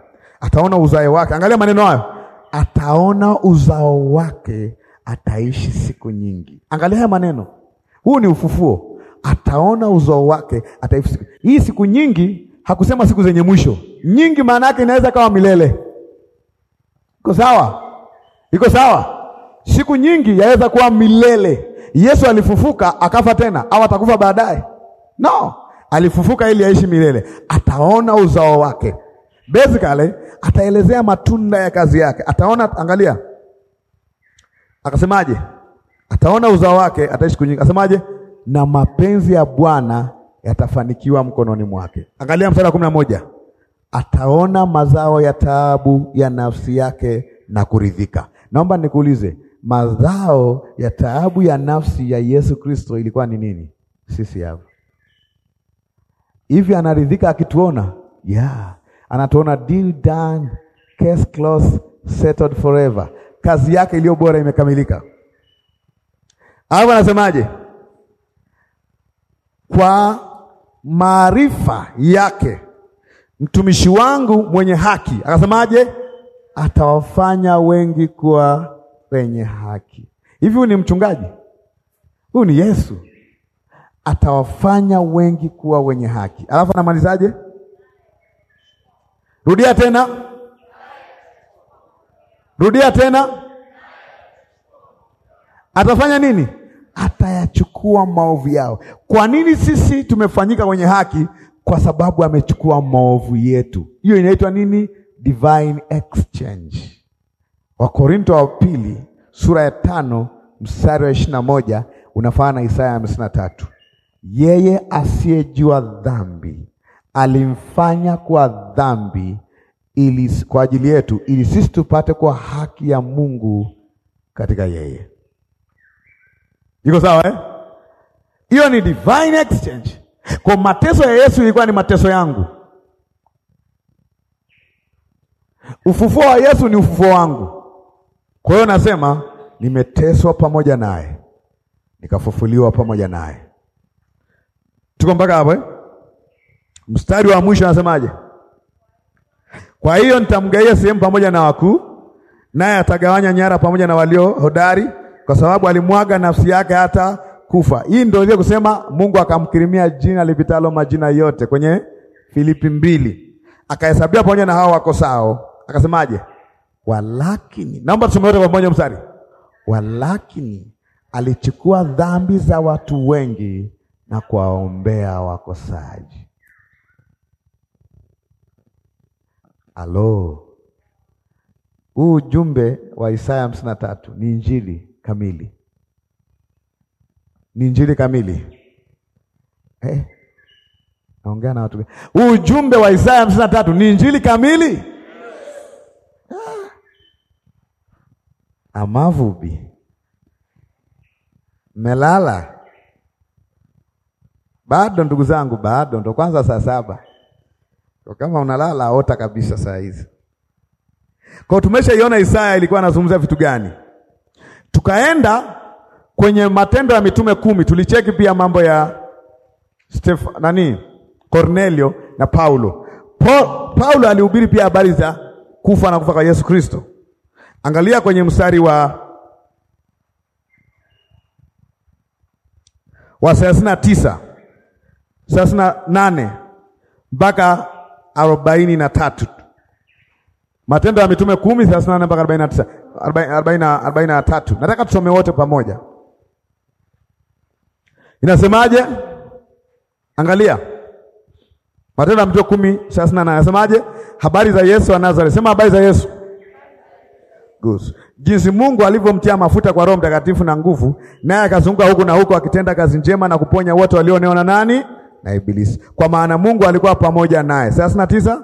ataona uzao wake. Angalia maneno hayo, ataona uzao wake, ataishi siku nyingi. Angalia haya maneno, huu ni ufufuo. Ataona uzao wake, ataishi siku hii. Siku nyingi hakusema siku zenye mwisho. Nyingi maana yake inaweza kawa milele Iko sawa? Iko sawa? Siku nyingi yaweza kuwa milele. Yesu alifufuka akafa tena au atakufa baadaye? No, alifufuka ili aishi milele, ataona uzao wake. Basically ataelezea matunda ya kazi yake, ataona. Angalia, akasemaje? Ataona uzao wake, ataishi kunyika. Akasemaje? na mapenzi ya Bwana yatafanikiwa mkononi mwake. Angalia mstari wa kumi na moja ataona mazao ya taabu ya nafsi yake na kuridhika. Naomba nikuulize, mazao ya taabu ya nafsi ya Yesu Kristo ilikuwa ni nini? Sisi hapa hivi, anaridhika akituona? Yeah, anatuona deal done, case closed, settled forever, kazi yake iliyo bora imekamilika. Hapo anasemaje? Kwa maarifa yake mtumishi wangu mwenye haki akasemaje? Atawafanya wengi kuwa wenye haki. Hivi huyu ni mchungaji? Huyu ni Yesu. Atawafanya wengi kuwa wenye haki, alafu anamalizaje? Rudia tena, rudia tena. Atafanya nini? Atayachukua maovu yao. Kwa nini sisi tumefanyika wenye haki? kwa sababu amechukua maovu yetu. Hiyo inaitwa nini? Divine exchange. Wakorinto wa pili sura ya tano mstari wa ishirini na moja unafanana na Isaya hamsini na tatu yeye asiyejua dhambi alimfanya kuwa dhambi ili kwa ajili yetu, ili sisi tupate kuwa haki ya Mungu katika yeye. Iko sawa eh? Hiyo ni divine exchange. Kwa mateso ya Yesu ilikuwa ni mateso yangu. Ufufuo wa Yesu ni ufufuo wangu. Kwa hiyo nasema nimeteswa pamoja naye, nikafufuliwa pamoja naye. Tuko mpaka hapo eh? Mstari wa mwisho anasemaje? Kwa hiyo nitamgawia sehemu pamoja na wakuu, naye atagawanya nyara pamoja na walio hodari, kwa sababu alimwaga nafsi yake hata kufa. Hii ndio ile kusema Mungu akamkirimia jina lipitalo majina yote kwenye Filipi mbili, akahesabia pamoja na hao sao akasemaje? Walakini, naomba tusome wote pamoja mstari, walakini alichukua dhambi za watu wengi na kuwaombea wakosaji. Alo, huu ujumbe wa Isaya hamsini na tatu ni injili kamili ni injili kamili eh? Naongea na watu ujumbe wa Isaya hamsini na tatu ni injili kamili Ah. Amavubi melala bado, ndugu zangu, bado ndo kwanza saa saba. Kwa kama unalala ota kabisa saa hizi. Kwa tumeshaiona Isaya ilikuwa anazungumzia vitu gani, tukaenda Kwenye Matendo ya Mitume kumi tulicheki pia mambo ya Stefa, nani Cornelio na Paulo. Pa, Paulo alihubiri pia habari za kufa na kufa kwa Yesu Kristo. Angalia kwenye mstari wa wa thelathini na tisa thelathini na nane mpaka arobaini na tatu Matendo ya Mitume kumi thelathini na nane mpaka arobaini na tisa arobaini na tatu Nataka tusome wote pamoja. Inasemaje? Angalia Matendo ya Mitume kumi thelathini na nane anasemaje? Habari za Yesu wa Nazareti. Sema habari za Yesu. Good. Jinsi Mungu alivyomtia mafuta kwa Roho Mtakatifu na nguvu, naye akazunguka huku na huko akitenda kazi njema na kuponya wote walioneona nani na Ibilisi, kwa maana Mungu alikuwa pamoja naye. thelathini na tisa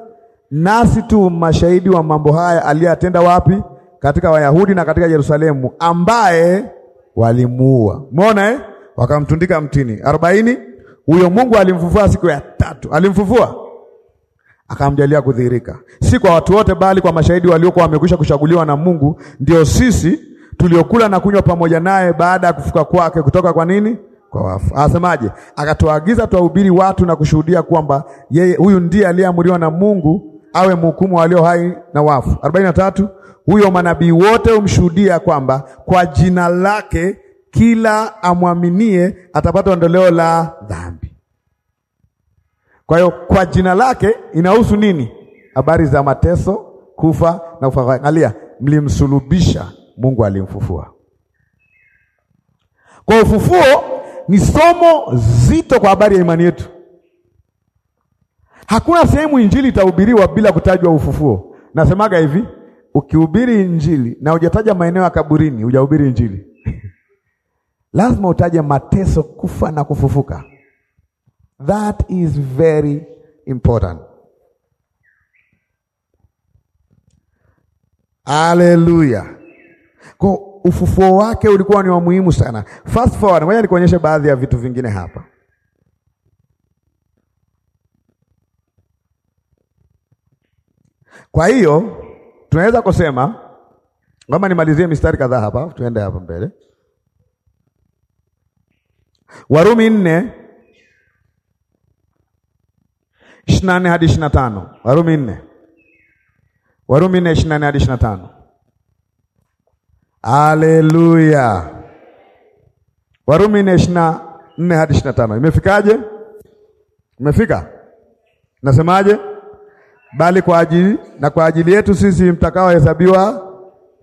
nasi tu mashahidi wa mambo haya aliyatenda wapi? Katika Wayahudi na katika Yerusalemu, ambaye walimuua. Umeona eh? wakamtundika mtini. arobaini huyo Mungu alimfufua siku ya tatu, alimfufua akamjalia kudhihirika, si kwa watu wote, bali kwa mashahidi waliokuwa wamekwisha kuchaguliwa na Mungu, ndio sisi tuliokula na kunywa pamoja naye baada ya kufuka kwake kutoka kwa nini? Kwa wafu. Asemaje? Akatuagiza tuwahubiri watu na kushuhudia kwamba yeye huyu ndiye aliyeamuriwa na Mungu awe mhukumu walio hai na wafu. 43 Huyo manabii wote humshuhudia kwamba kwa jina lake kila amwaminie atapata ondoleo la dhambi. Kwa hiyo kwa jina lake inahusu nini? Habari za mateso, kufa na kufa. Angalia, mlimsulubisha, Mungu alimfufua. Kwa ufufuo ni somo zito kwa habari ya imani yetu. Hakuna sehemu injili itahubiriwa bila kutajwa ufufuo. Nasemaga hivi, ukihubiri injili na hujataja maeneo ya kaburini, hujahubiri injili lazima utaje mateso, kufa na kufufuka. That is very important. Haleluya! Kwa ufufuo wake ulikuwa ni wa muhimu sana. Fast forward, ngoja nikuonyeshe baadhi ya vitu vingine hapa. Kwa hiyo tunaweza kusema, kwamba, nimalizie mistari kadhaa hapa, tuende hapa mbele. Warumi nne ishirini na nne hadi ishirini na tano Warumi nne Warumi nne ishirini na nne hadi ishirini na tano Haleluya! Warumi nne ishirini na nne hadi ishirini na tano Imefikaje? Imefika? Nasemaje? Bali kwa ajili na kwa ajili yetu sisi mtakaohesabiwa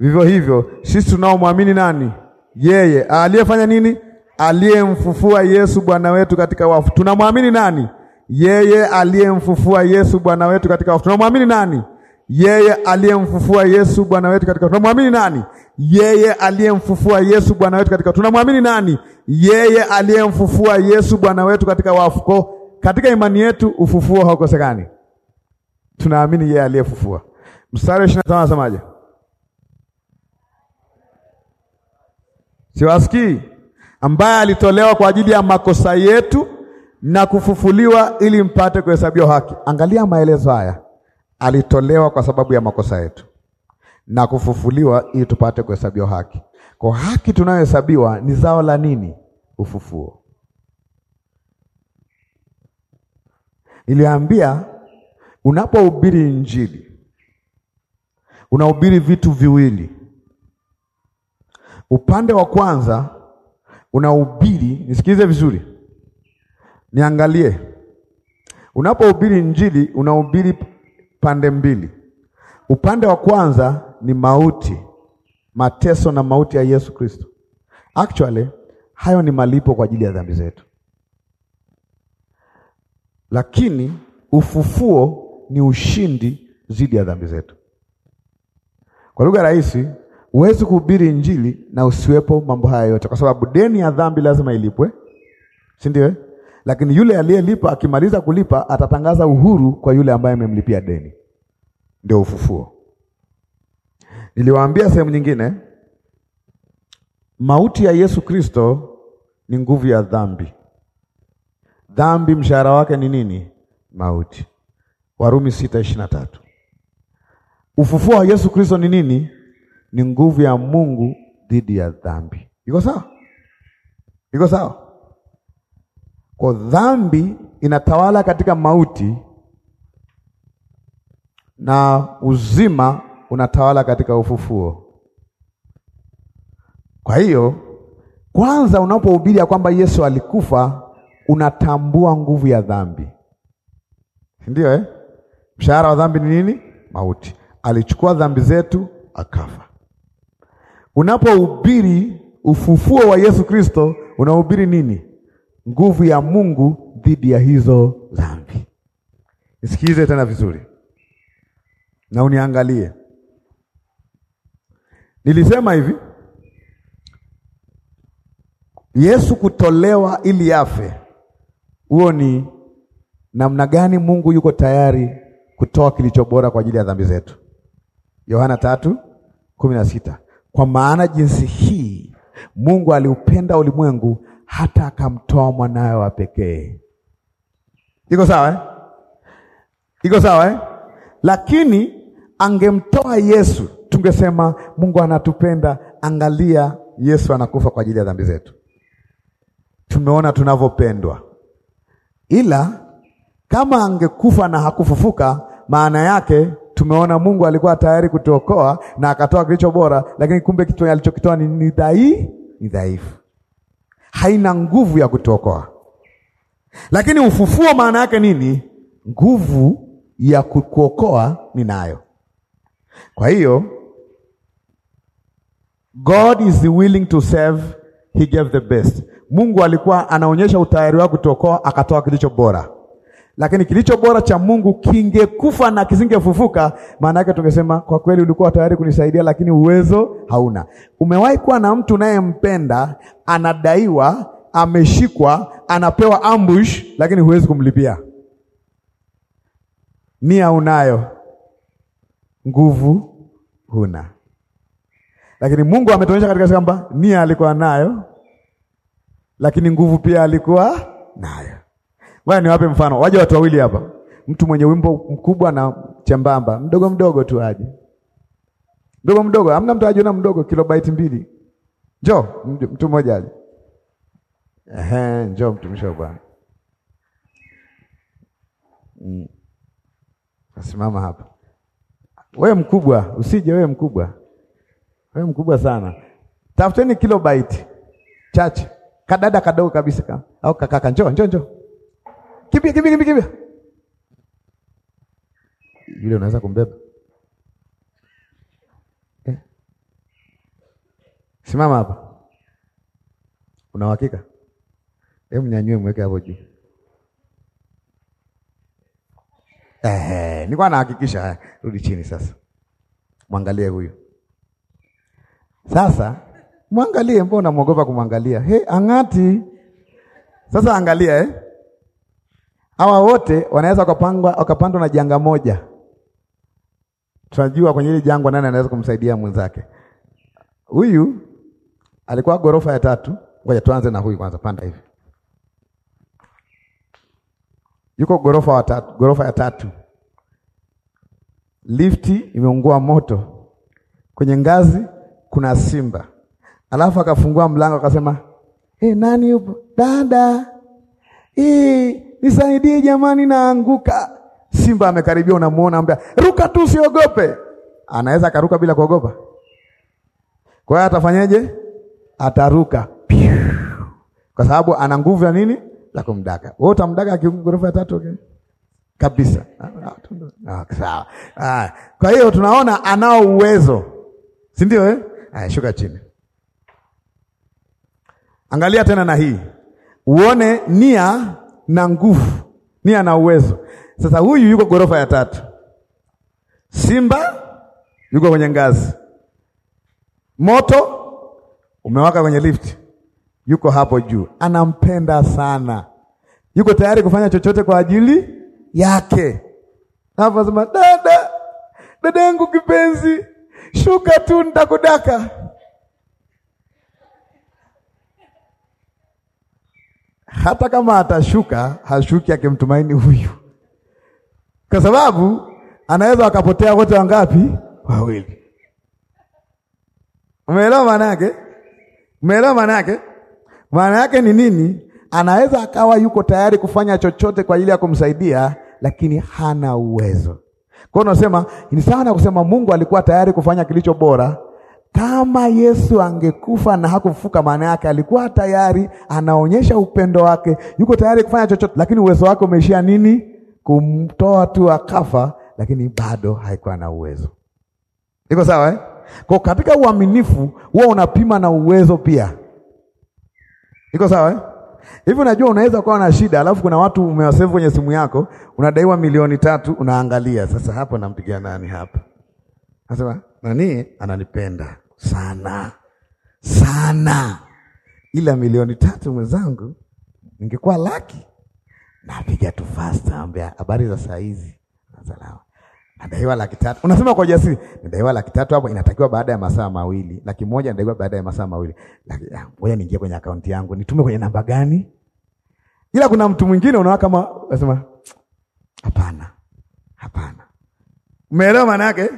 vivyo hivyo, sisi tunaomwamini nani? Yeye aliyefanya nini? aliyemfufua Yesu Bwana wetu katika wafu. Tunamwamini nani? Yeye aliyemfufua Yesu Bwana wetu katika wafu. Tunamwamini nani? Yeye aliyemfufua Yesu Bwana wetu katika tunamwamini nani? Yeye aliyemfufua Yesu Bwana wetu katika tunamwamini nani? Yeye aliyemfufua Yesu Bwana wetu katika wafu. katika imani yetu ufufuo haukosekani. Tunaamini yeye aliyefufua. Mstari 25 anasemaje? Siwasikii ambaye alitolewa kwa ajili ya makosa yetu na kufufuliwa ili mpate kuhesabiwa haki. Angalia maelezo haya, alitolewa kwa sababu ya makosa yetu na kufufuliwa ili tupate kuhesabiwa haki. Kwa haki tunayohesabiwa ni zao la nini? Ufufuo. Niliambia unapohubiri Injili unahubiri vitu viwili. Upande wa kwanza unahubiri, nisikilize vizuri, niangalie. Unapohubiri Injili unahubiri pande mbili. Upande wa kwanza ni mauti, mateso na mauti ya Yesu Kristo. Actually hayo ni malipo kwa ajili ya dhambi zetu, lakini ufufuo ni ushindi dhidi ya dhambi zetu. Kwa lugha rahisi, Huwezi kuhubiri injili na usiwepo mambo haya yote, kwa sababu deni ya dhambi lazima ilipwe, si ndio? Lakini yule aliyelipa akimaliza kulipa atatangaza uhuru kwa yule ambaye amemlipia deni, ndio ufufuo. Niliwaambia sehemu nyingine, mauti ya Yesu Kristo ni nguvu ya dhambi. Dhambi mshahara wake ni nini? Mauti. Warumi sita Ufufuo wa Yesu Kristo ni nini? ni nguvu ya Mungu dhidi ya dhambi. Iko sawa? Iko sawa? Kwa dhambi inatawala katika mauti na uzima unatawala katika ufufuo. Kwa hiyo kwanza, unapohubiri ya kwamba Yesu alikufa, unatambua nguvu ya dhambi, si ndio eh? Mshahara wa dhambi ni nini? Mauti. Alichukua dhambi zetu akafa. Unapohubiri ufufuo wa Yesu Kristo, unahubiri nini? Nguvu ya Mungu dhidi ya hizo dhambi. Nisikize tena vizuri na uniangalie. Nilisema hivi, Yesu kutolewa ili afe. Huo ni namna gani Mungu yuko tayari kutoa kilicho bora kwa ajili ya dhambi zetu. Yohana tatu kumi na sita. Kwa maana jinsi hii Mungu aliupenda ulimwengu hata akamtoa mwanawe wa pekee. Iko sawa eh? Iko sawa eh? Lakini angemtoa Yesu, tungesema Mungu anatupenda. Angalia, Yesu anakufa kwa ajili ya dhambi zetu. Tumeona tunavyopendwa, ila kama angekufa na hakufufuka, maana yake tumeona Mungu alikuwa tayari kutuokoa na akatoa kilicho bora, lakini kumbe kitu alichokitoa ni ni dhaifu, haina nguvu ya kutuokoa. Lakini ufufuo maana yake nini? Nguvu ya kukuokoa ninayo. Kwa hiyo God is willing to save, he gave the best. Mungu alikuwa anaonyesha utayari wake kutuokoa, akatoa kilicho bora. Lakini kilicho bora cha Mungu kingekufa na kisingefufuka, maana yake tungesema kwa kweli ulikuwa tayari kunisaidia, lakini uwezo hauna. Umewahi kuwa na mtu unayempenda anadaiwa, ameshikwa, anapewa ambush, lakini huwezi kumlipia? Nia unayo, nguvu huna. Lakini Mungu ametuonyesha katika kwamba nia alikuwa nayo, lakini nguvu pia alikuwa nayo. Ngoja niwape mfano. Waje watu wawili hapa, mtu mwenye wimbo mkubwa na chembamba, mdogo mdogo tu aje. Mdogo mdogo, hamna mtu aje na mdogo kilobaiti mbili. njo mtu mmoja aje. Ehe, njo mtumishi wa Bwana. Mm. Nasimama hapa. Wewe mkubwa, usije wewe mkubwa. Wewe mkubwa sana. Tafuteni kilobaiti chache. Kadada kadogo kabisa au kakaka, njo njo njoo kimbia kimbia kimbia kimbia. Yule unaweza kumbeba eh? Simama hapa, una uhakika? Hebu nyanyue mweke hapo juu. Eh, nilikuwa nahakikisha. Rudi chini sasa, mwangalie huyu sasa, mwangalie. Mbona unamwogopa kumwangalia? He, ang'ati sasa, angalia eh. Hawa wote wanaweza wakapangwa wakapandwa na janga moja. Tunajua kwenye ile jangwa nani anaweza kumsaidia mwenzake. Huyu alikuwa gorofa ya tatu. Ngoja tuanze na huyu kwanza, panda hivi. Yuko gorofa wa tatu, gorofa ya tatu. Lifti imeungua moto. Kwenye ngazi kuna simba. Alafu akafungua mlango akasema, "Eh, hey, nani yupo? Dada." hii nisaidie jamani, naanguka. Simba amekaribia, unamuona, ambia ruka tu, usiogope. Anaweza akaruka bila kuogopa? Kwa hiyo atafanyaje? Ataruka Piu. Kwa sababu ana nguvu ya nini? La kumdaka. Wewe utamdaka akigorofa ya tatu okay? Kabisa. Ah, ah, sawa. Kwa hiyo tunaona anao uwezo, si ndio eh? Aya, shuka chini, angalia tena na hii uone nia na nguvu, ni ana uwezo. Sasa huyu yuko ghorofa ya tatu, simba yuko kwenye ngazi, moto umewaka kwenye lifti, yuko hapo juu, anampenda sana, yuko tayari kufanya chochote kwa ajili yake. Hapo nasema dada, dada yangu kipenzi, shuka tu, nitakudaka hata kama atashuka, hashuki akimtumaini huyu, kwa sababu anaweza wakapotea wote. Wangapi? Wawili. Umeelewa maana yake? Umeelewa maana yake? Maana yake ni nini? Anaweza akawa yuko tayari kufanya chochote kwa ajili ya kumsaidia, lakini hana uwezo. Kwa hiyo unasema ni sawa na kusema Mungu alikuwa tayari kufanya kilicho bora kama Yesu angekufa na hakufuka, maana yake alikuwa tayari anaonyesha upendo wake, yuko tayari kufanya chochote, lakini uwezo wake umeishia nini? Kumtoa tu akafa, lakini bado haikuwa na uwezo. Iko sawa eh? Kwa katika uaminifu huwa unapima na uwezo pia. Iko sawa eh? Hivi unajua unaweza kuwa na shida, alafu kuna watu umewasevu kwenye simu yako, unadaiwa milioni tatu, unaangalia sasa, hapo nampigia nani hapa? Nasema nani ananipenda sana sana, ila milioni tatu mwenzangu, ningekuwa laki napiga tu fasta, ambia habari za saa hizi, salama Nadaiwa laki tatu. Unasema kwa ujasiri, nadaiwa laki tatu hapo, inatakiwa baada ya masaa mawili. Laki moja nadaiwa baada ya masaa mawili. Ah, ngoja niingie kwenye akaunti yangu, nitume kwenye namba gani? Ila kuna mtu mwingine unaona kama nasema hapana. Hapana. Umeelewa maana yake?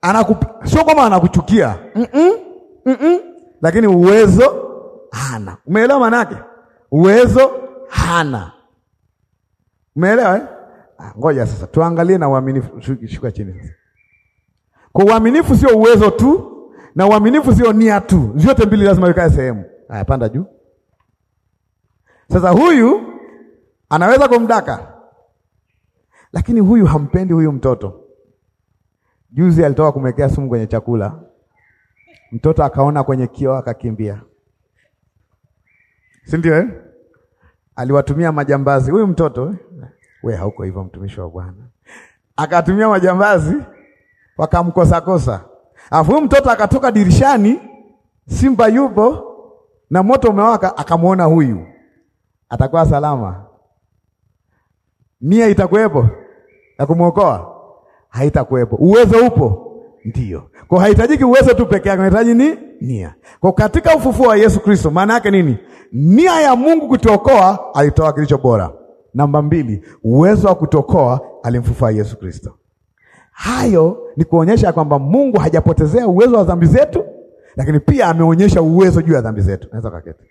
anakup... sio kwamba anakuchukia mm -mm. Mm -mm. Lakini uwezo hana. Umeelewa maana yake? Uwezo hana. Umeelewa eh? Ah, ngoja sasa tuangalie na uaminifu. Shuka chini sasa. Kwa uaminifu sio uwezo tu, na uaminifu sio nia tu, zote mbili lazima ikae sehemu. Haya, panda juu sasa. Huyu anaweza kumdaka, lakini huyu hampendi huyu mtoto Juzi alitoka kumwekea sumu kwenye chakula, mtoto akaona kwenye kio akakimbia, si ndio eh? Aliwatumia majambazi huyu mtoto eh? We hauko hivyo, mtumishi wa Bwana akatumia majambazi wakamkosakosa, afu huyu mtoto akatoka dirishani, simba yupo na moto umewaka, akamwona huyu, atakuwa salama, nia itakuwepo ya kumwokoa haitakuwepo. Uwezo upo ndio, kwa hahitajiki uwezo tu peke yake, unahitaji ni nia. Kwa katika ufufuo wa Yesu Kristo, maana yake nini? Nia ya Mungu kutuokoa, alitoa kilicho bora. Namba mbili, uwezo wa kutokoa alimfufua Yesu Kristo. Hayo ni kuonyesha kwamba Mungu hajapotezea uwezo wa dhambi zetu, lakini pia ameonyesha uwezo juu ya dhambi zetu. Naweza kaketi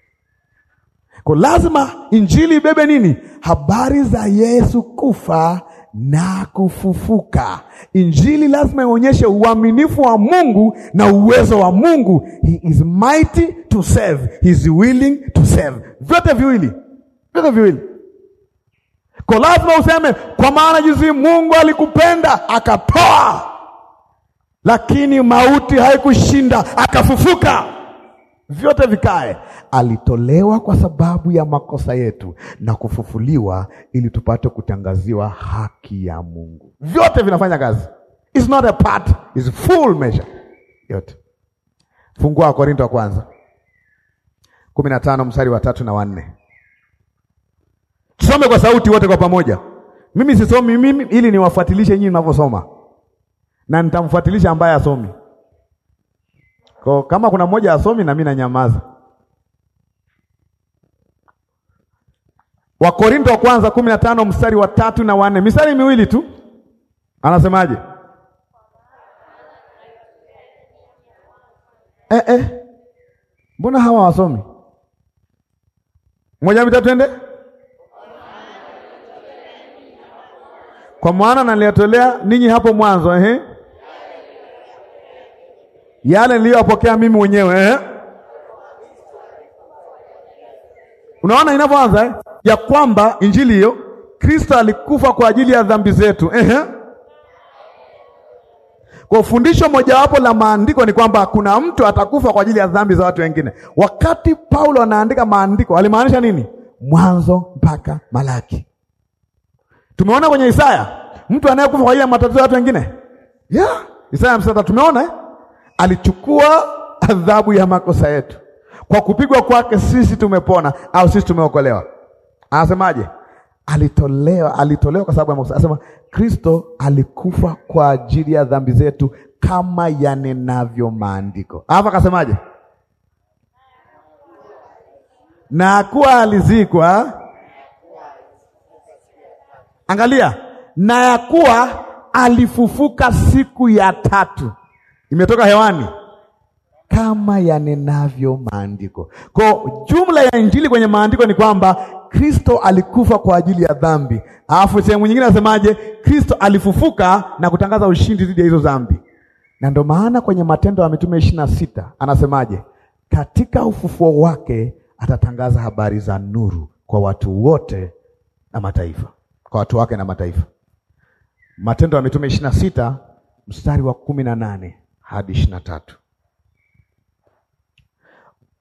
kwa lazima injili ibebe nini? Habari za Yesu kufa na kufufuka. Injili lazima ionyeshe uaminifu wa Mungu na uwezo wa Mungu. He is mighty to save, he is willing to save. Vyote viwili, vyote viwili ko lazima useme, kwa maana jinsi Mungu alikupenda akatoa, lakini mauti haikushinda, akafufuka. Vyote vikae alitolewa kwa sababu ya makosa yetu na kufufuliwa ili tupate kutangaziwa haki ya Mungu. Vyote vinafanya kazi, it's not a part, it's full measure yote. Fungua Wakorinto wa kwanza kumi na tano mstari wa tatu na wanne. Tusome kwa sauti wote kwa pamoja. Mimi sisomi mimi ili niwafuatilishe nyinyi navyosoma na nitamfuatilisha ambaye asomi. Kwa kama kuna mmoja asomi na mimi nanyamaza Wakorinto wa kwanza kumi tano mstari wa tatu na wanne, mistari miwili tu, anasemaje? Eh, eh. Mbona hawa wasomi? Moja mitatu, ende kwa maana naliotolea ninyi hapo mwanzo, eh? yale niliyopokea mimi mwenyewe, ehe. Unaona inavyoanza eh? ya kwamba injili hiyo Kristo alikufa kwa ajili ya dhambi zetu. Ehe. Kwa fundisho mojawapo la maandiko ni kwamba kuna mtu atakufa kwa ajili ya dhambi za watu wengine. Wakati Paulo anaandika maandiko, alimaanisha nini? Mwanzo mpaka Malaki. Tumeona kwenye Isaya mtu anayekufa kwa ajili ya matatizo ya watu wengine. Yeah, Isaya msada tumeona eh? Alichukua adhabu ya makosa yetu. Kwa kupigwa kwake sisi tumepona au sisi tumeokolewa. Anasemaje? Alitolewa, alitolewa kwa sababu ya makosa. Anasema Kristo alikufa kwa ajili ya dhambi zetu kama yanenavyo maandiko. Hapa akasemaje? Na kuwa alizikwa, angalia, na ya kuwa alifufuka siku ya tatu, imetoka hewani kama yanenavyo maandiko. Kwa jumla ya injili kwenye maandiko ni kwamba Kristo alikufa kwa ajili ya dhambi, alafu sehemu nyingine nasemaje? Kristo alifufuka na kutangaza ushindi dhidi ya hizo dhambi. Na ndio maana kwenye Matendo ya Mitume ishirini na sita anasemaje? Katika ufufuo wake atatangaza habari za nuru kwa watu wote na mataifa, kwa watu wake na mataifa. Matendo ya Mitume ishirini na sita mstari wa kumi na nane hadi ishirini na tatu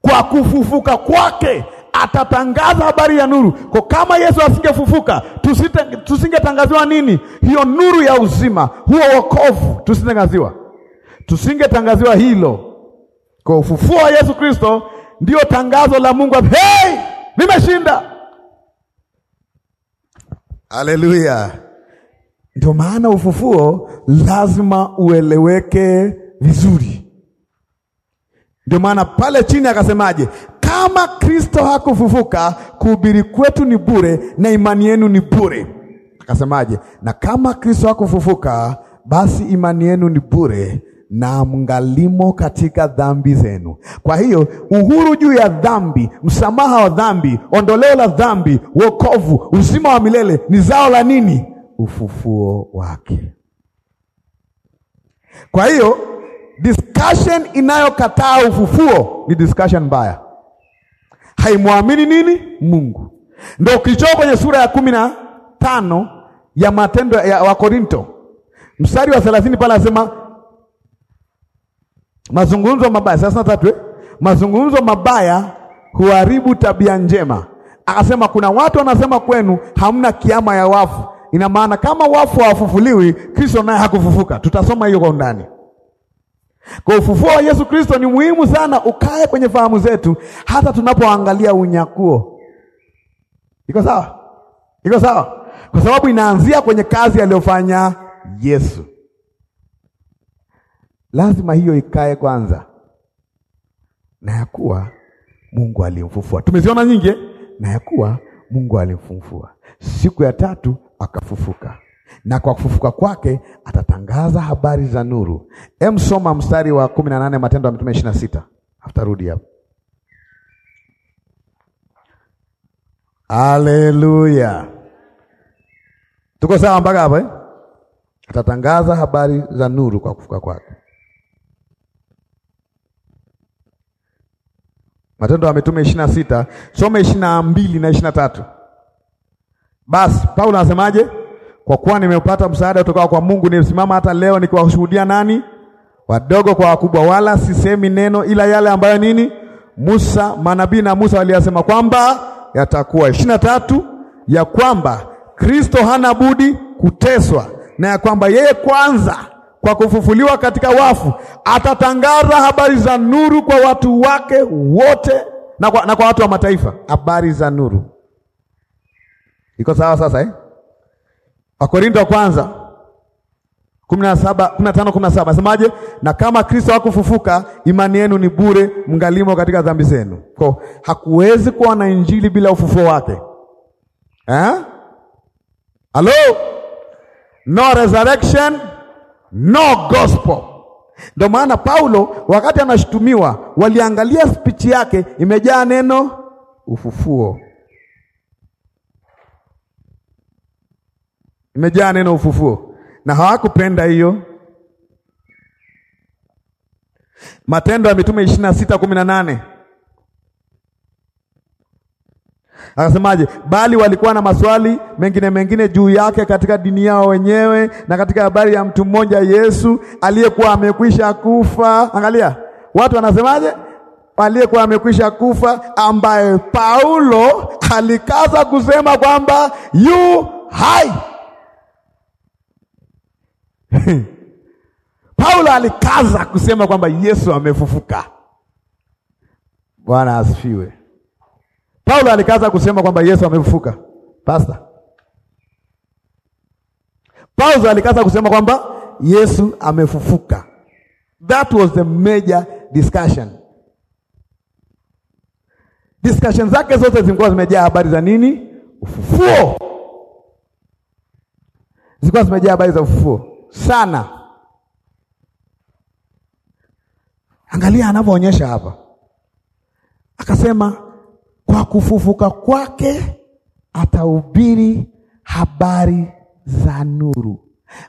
kwa kufufuka kwake atatangaza habari ya nuru. Kwa kama Yesu asingefufuka, tusingetangaziwa nini? Hiyo nuru ya uzima, huo wokovu, tusingetangaziwa tusingetangaziwa hilo. Kwa ufufuo wa Yesu Kristo ndio tangazo la Mungu, hey, nimeshinda. Haleluya! Ndio maana ufufuo lazima ueleweke vizuri. Ndio maana pale chini akasemaje? Kama Kristo hakufufuka, kuhubiri kwetu ni bure na imani yenu ni bure. Akasemaje? Na kama Kristo hakufufuka, basi imani yenu ni bure na mngalimo katika dhambi zenu. Kwa hiyo uhuru juu ya dhambi, msamaha wa dhambi, ondoleo la dhambi, wokovu, uzima wa milele ni zao la nini? Ufufuo wake. Kwa hiyo discussion inayokataa ufufuo ni discussion mbaya, haimwamini nini? Mungu. Ndio kilichoko kwenye sura ya kumi na tano ya Matendo ya Wakorinto mstari wa thelathini pale anasema mazungumzo mabaya thelathini na tatu eh? mazungumzo mabaya huharibu tabia njema. Akasema kuna watu wanasema kwenu hamna kiama ya wafu. Ina maana kama wafu hawafufuliwi, Kristo naye hakufufuka. Tutasoma hiyo kwa undani. Kwa ufufuo wa Yesu Kristo ni muhimu sana ukae kwenye fahamu zetu, hata tunapoangalia unyakuo. Iko sawa? Iko sawa, kwa sababu inaanzia kwenye kazi aliyofanya Yesu. Lazima hiyo ikae kwanza, na ya kuwa Mungu alimfufua. Tumeziona nyingi eh? na ya kuwa Mungu alimfufua siku ya tatu akafufuka na kwa kufufuka kwake atatangaza habari za nuru. Em, soma mstari wa kumi na nane Matendo ya Mitume ishirini na sita aftarudi hapo. Haleluya, tuko sawa mpaka hapo eh? Atatangaza habari za nuru kwa kufufuka kwake. Matendo ya Mitume ishirini na sita soma ishirini na mbili na ishirini na tatu Basi Paulo anasemaje? Kwa kuwa nimeupata msaada kutoka kwa Mungu, nimesimama hata leo nikiwashuhudia nani? Wadogo kwa wakubwa, wala sisemi neno ila yale ambayo nini Musa manabii na Musa waliyasema kwamba yatakuwa. ishirini na tatu ya kwamba Kristo hana budi kuteswa na ya kwamba yeye kwanza kwa kufufuliwa katika wafu atatangaza habari za nuru kwa watu wake wote na kwa, na kwa watu wa mataifa habari za nuru. Iko sawa sasa eh? Wakorintho wa kwanza 17 15 17, nasemaje? Na kama Kristo hakufufuka, imani yenu ni bure, mngalimo katika dhambi zenu. Kwa hakuwezi kuwa na injili bila ufufuo wake eh? Hello? No resurrection, no gospel. Ndio maana Paulo wakati anashutumiwa, waliangalia spichi yake imejaa neno ufufuo. imejaa neno ufufuo, na hawakupenda hiyo. Matendo ya Mitume ishirini na sita kumi na nane Akasemaje? Bali walikuwa na maswali mengine mengine juu yake katika dini yao wenyewe na katika habari ya mtu mmoja Yesu aliyekuwa amekwisha kufa. Angalia, watu wanasemaje? Aliyekuwa amekwisha kufa, ambaye Paulo alikaza kusema kwamba yu hai. Paulo alikaza kusema kwamba Yesu amefufuka. Bwana asifiwe. Paulo alikaza kusema kwamba Yesu amefufuka. Pastor. Paulo alikaza kusema kwamba Yesu amefufuka. That was the major discussion. Discussion zake zote zilikuwa zimejaa habari za nini? Ufufuo. Zilikuwa zimejaa habari za ufufuo sana. Angalia anavyoonyesha hapa, akasema kwa kufufuka kwake atahubiri habari za nuru.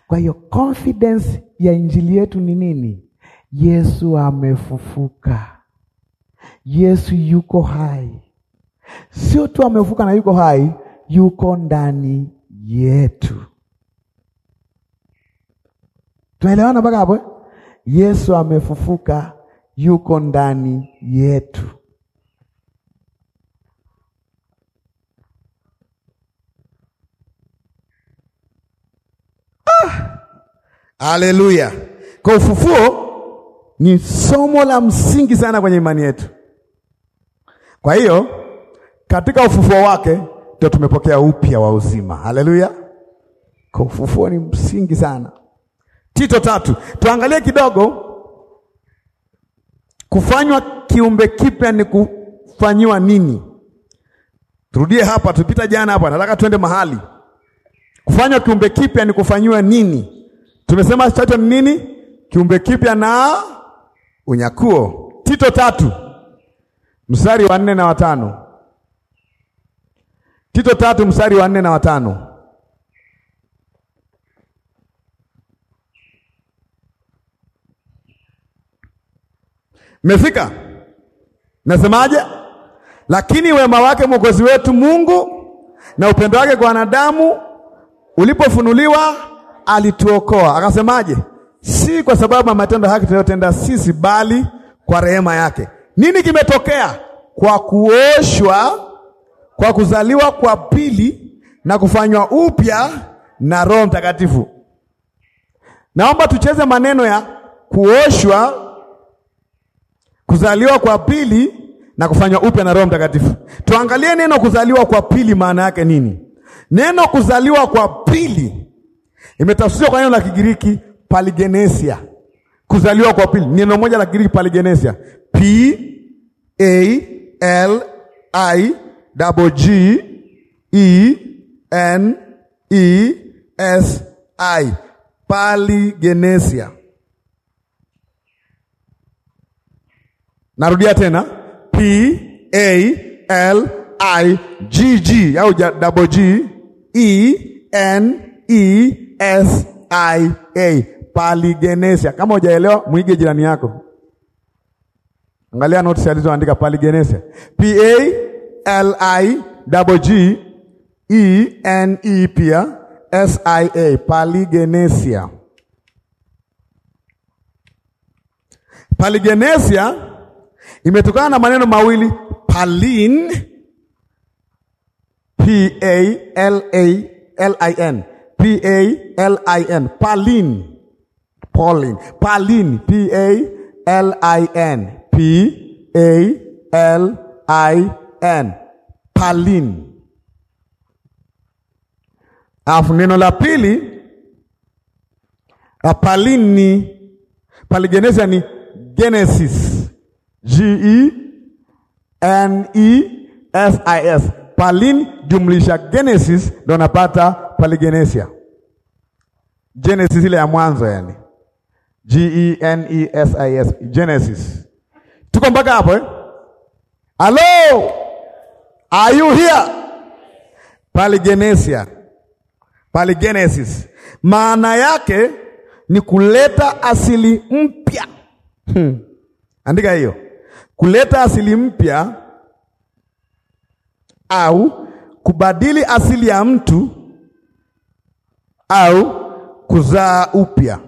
Kwa hiyo confidence ya injili yetu ni nini? Yesu amefufuka, Yesu yuko hai. Sio tu amefufuka na yuko hai, yuko ndani yetu. Tuelewana mpaka hapo? Eh? Yesu amefufuka, yuko ndani yetu. Ah! Haleluya! Kwa ufufuo ni somo la msingi sana kwenye imani yetu. Kwa hiyo katika ufufuo wake ndio tumepokea upya wa uzima. Haleluya! Kwa ufufuo ni msingi sana. Tito tatu, tuangalie kidogo. Kufanywa kiumbe kipya ni kufanyiwa nini? Turudie hapa, tupita jana hapa, nataka tuende mahali. Kufanywa kiumbe kipya ni kufanyiwa nini? Tumesema chacho ni nini? Kiumbe kipya na unyakuo. Tito tatu mstari wa nne na watano. Tito tatu mstari wa nne na watano. mefika Nasemaje? Lakini wema wake Mwokozi wetu Mungu na upendo wake kwa wanadamu ulipofunuliwa, alituokoa akasemaje? Si kwa sababu ya matendo haki tunayotenda sisi, bali kwa rehema yake. Nini kimetokea? Kwa kuoshwa kwa kuzaliwa kwa pili na kufanywa upya na Roho Mtakatifu. Naomba tucheze maneno ya kuoshwa Kuzaliwa kwa pili na kufanywa upya na Roho Mtakatifu. Tuangalie neno kuzaliwa kwa pili maana yake nini? Neno kuzaliwa kwa pili imetafsiriwa kwa neno la Kigiriki paligenesia. Kuzaliwa kwa pili, neno moja la Kigiriki paligenesia, P A L I double G E N E S I, paligenesia. Narudia tena P A L I G G au double G E N E S I A Paligenesia. Kama hujaelewa mwige jirani yako, angalia notes alizoandika Paligenesia, P A L I double G E N E pia S I A Paligenesia. Paligenesia imetokana na maneno mawili Palin, P A L A L I N, P A L I N, Palin, Pauline, Palin, P A L I N, P A L I N, Palin. Alafu neno la pili la Palin ni Genesis G-E-N-E-S-I-S Palin jumlisha Genesis ndo napata paligenesia. Genesis ile ya mwanzo yani. G-E-N-E-S-I-S Genesis. Tuko mpaka hapo eh? Hello? Are you here? Paligenesia. Paligenesis. Maana yake ni kuleta asili mpya. Hmm. Andika hiyo kuleta asili mpya au kubadili asili ya mtu au kuzaa upya.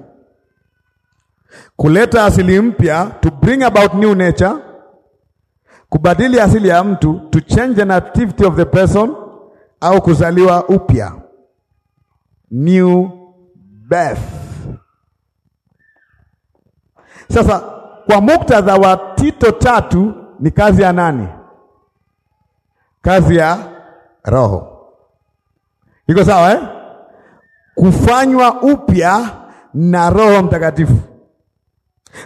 Kuleta asili mpya, to bring about new nature, kubadili asili ya mtu, to change the nativity of the person, au kuzaliwa upya, new birth. Sasa kwa muktadha wa Tito tatu ni kazi ya nani? Kazi ya Roho. Iko sawa eh? Kufanywa upya na Roho Mtakatifu.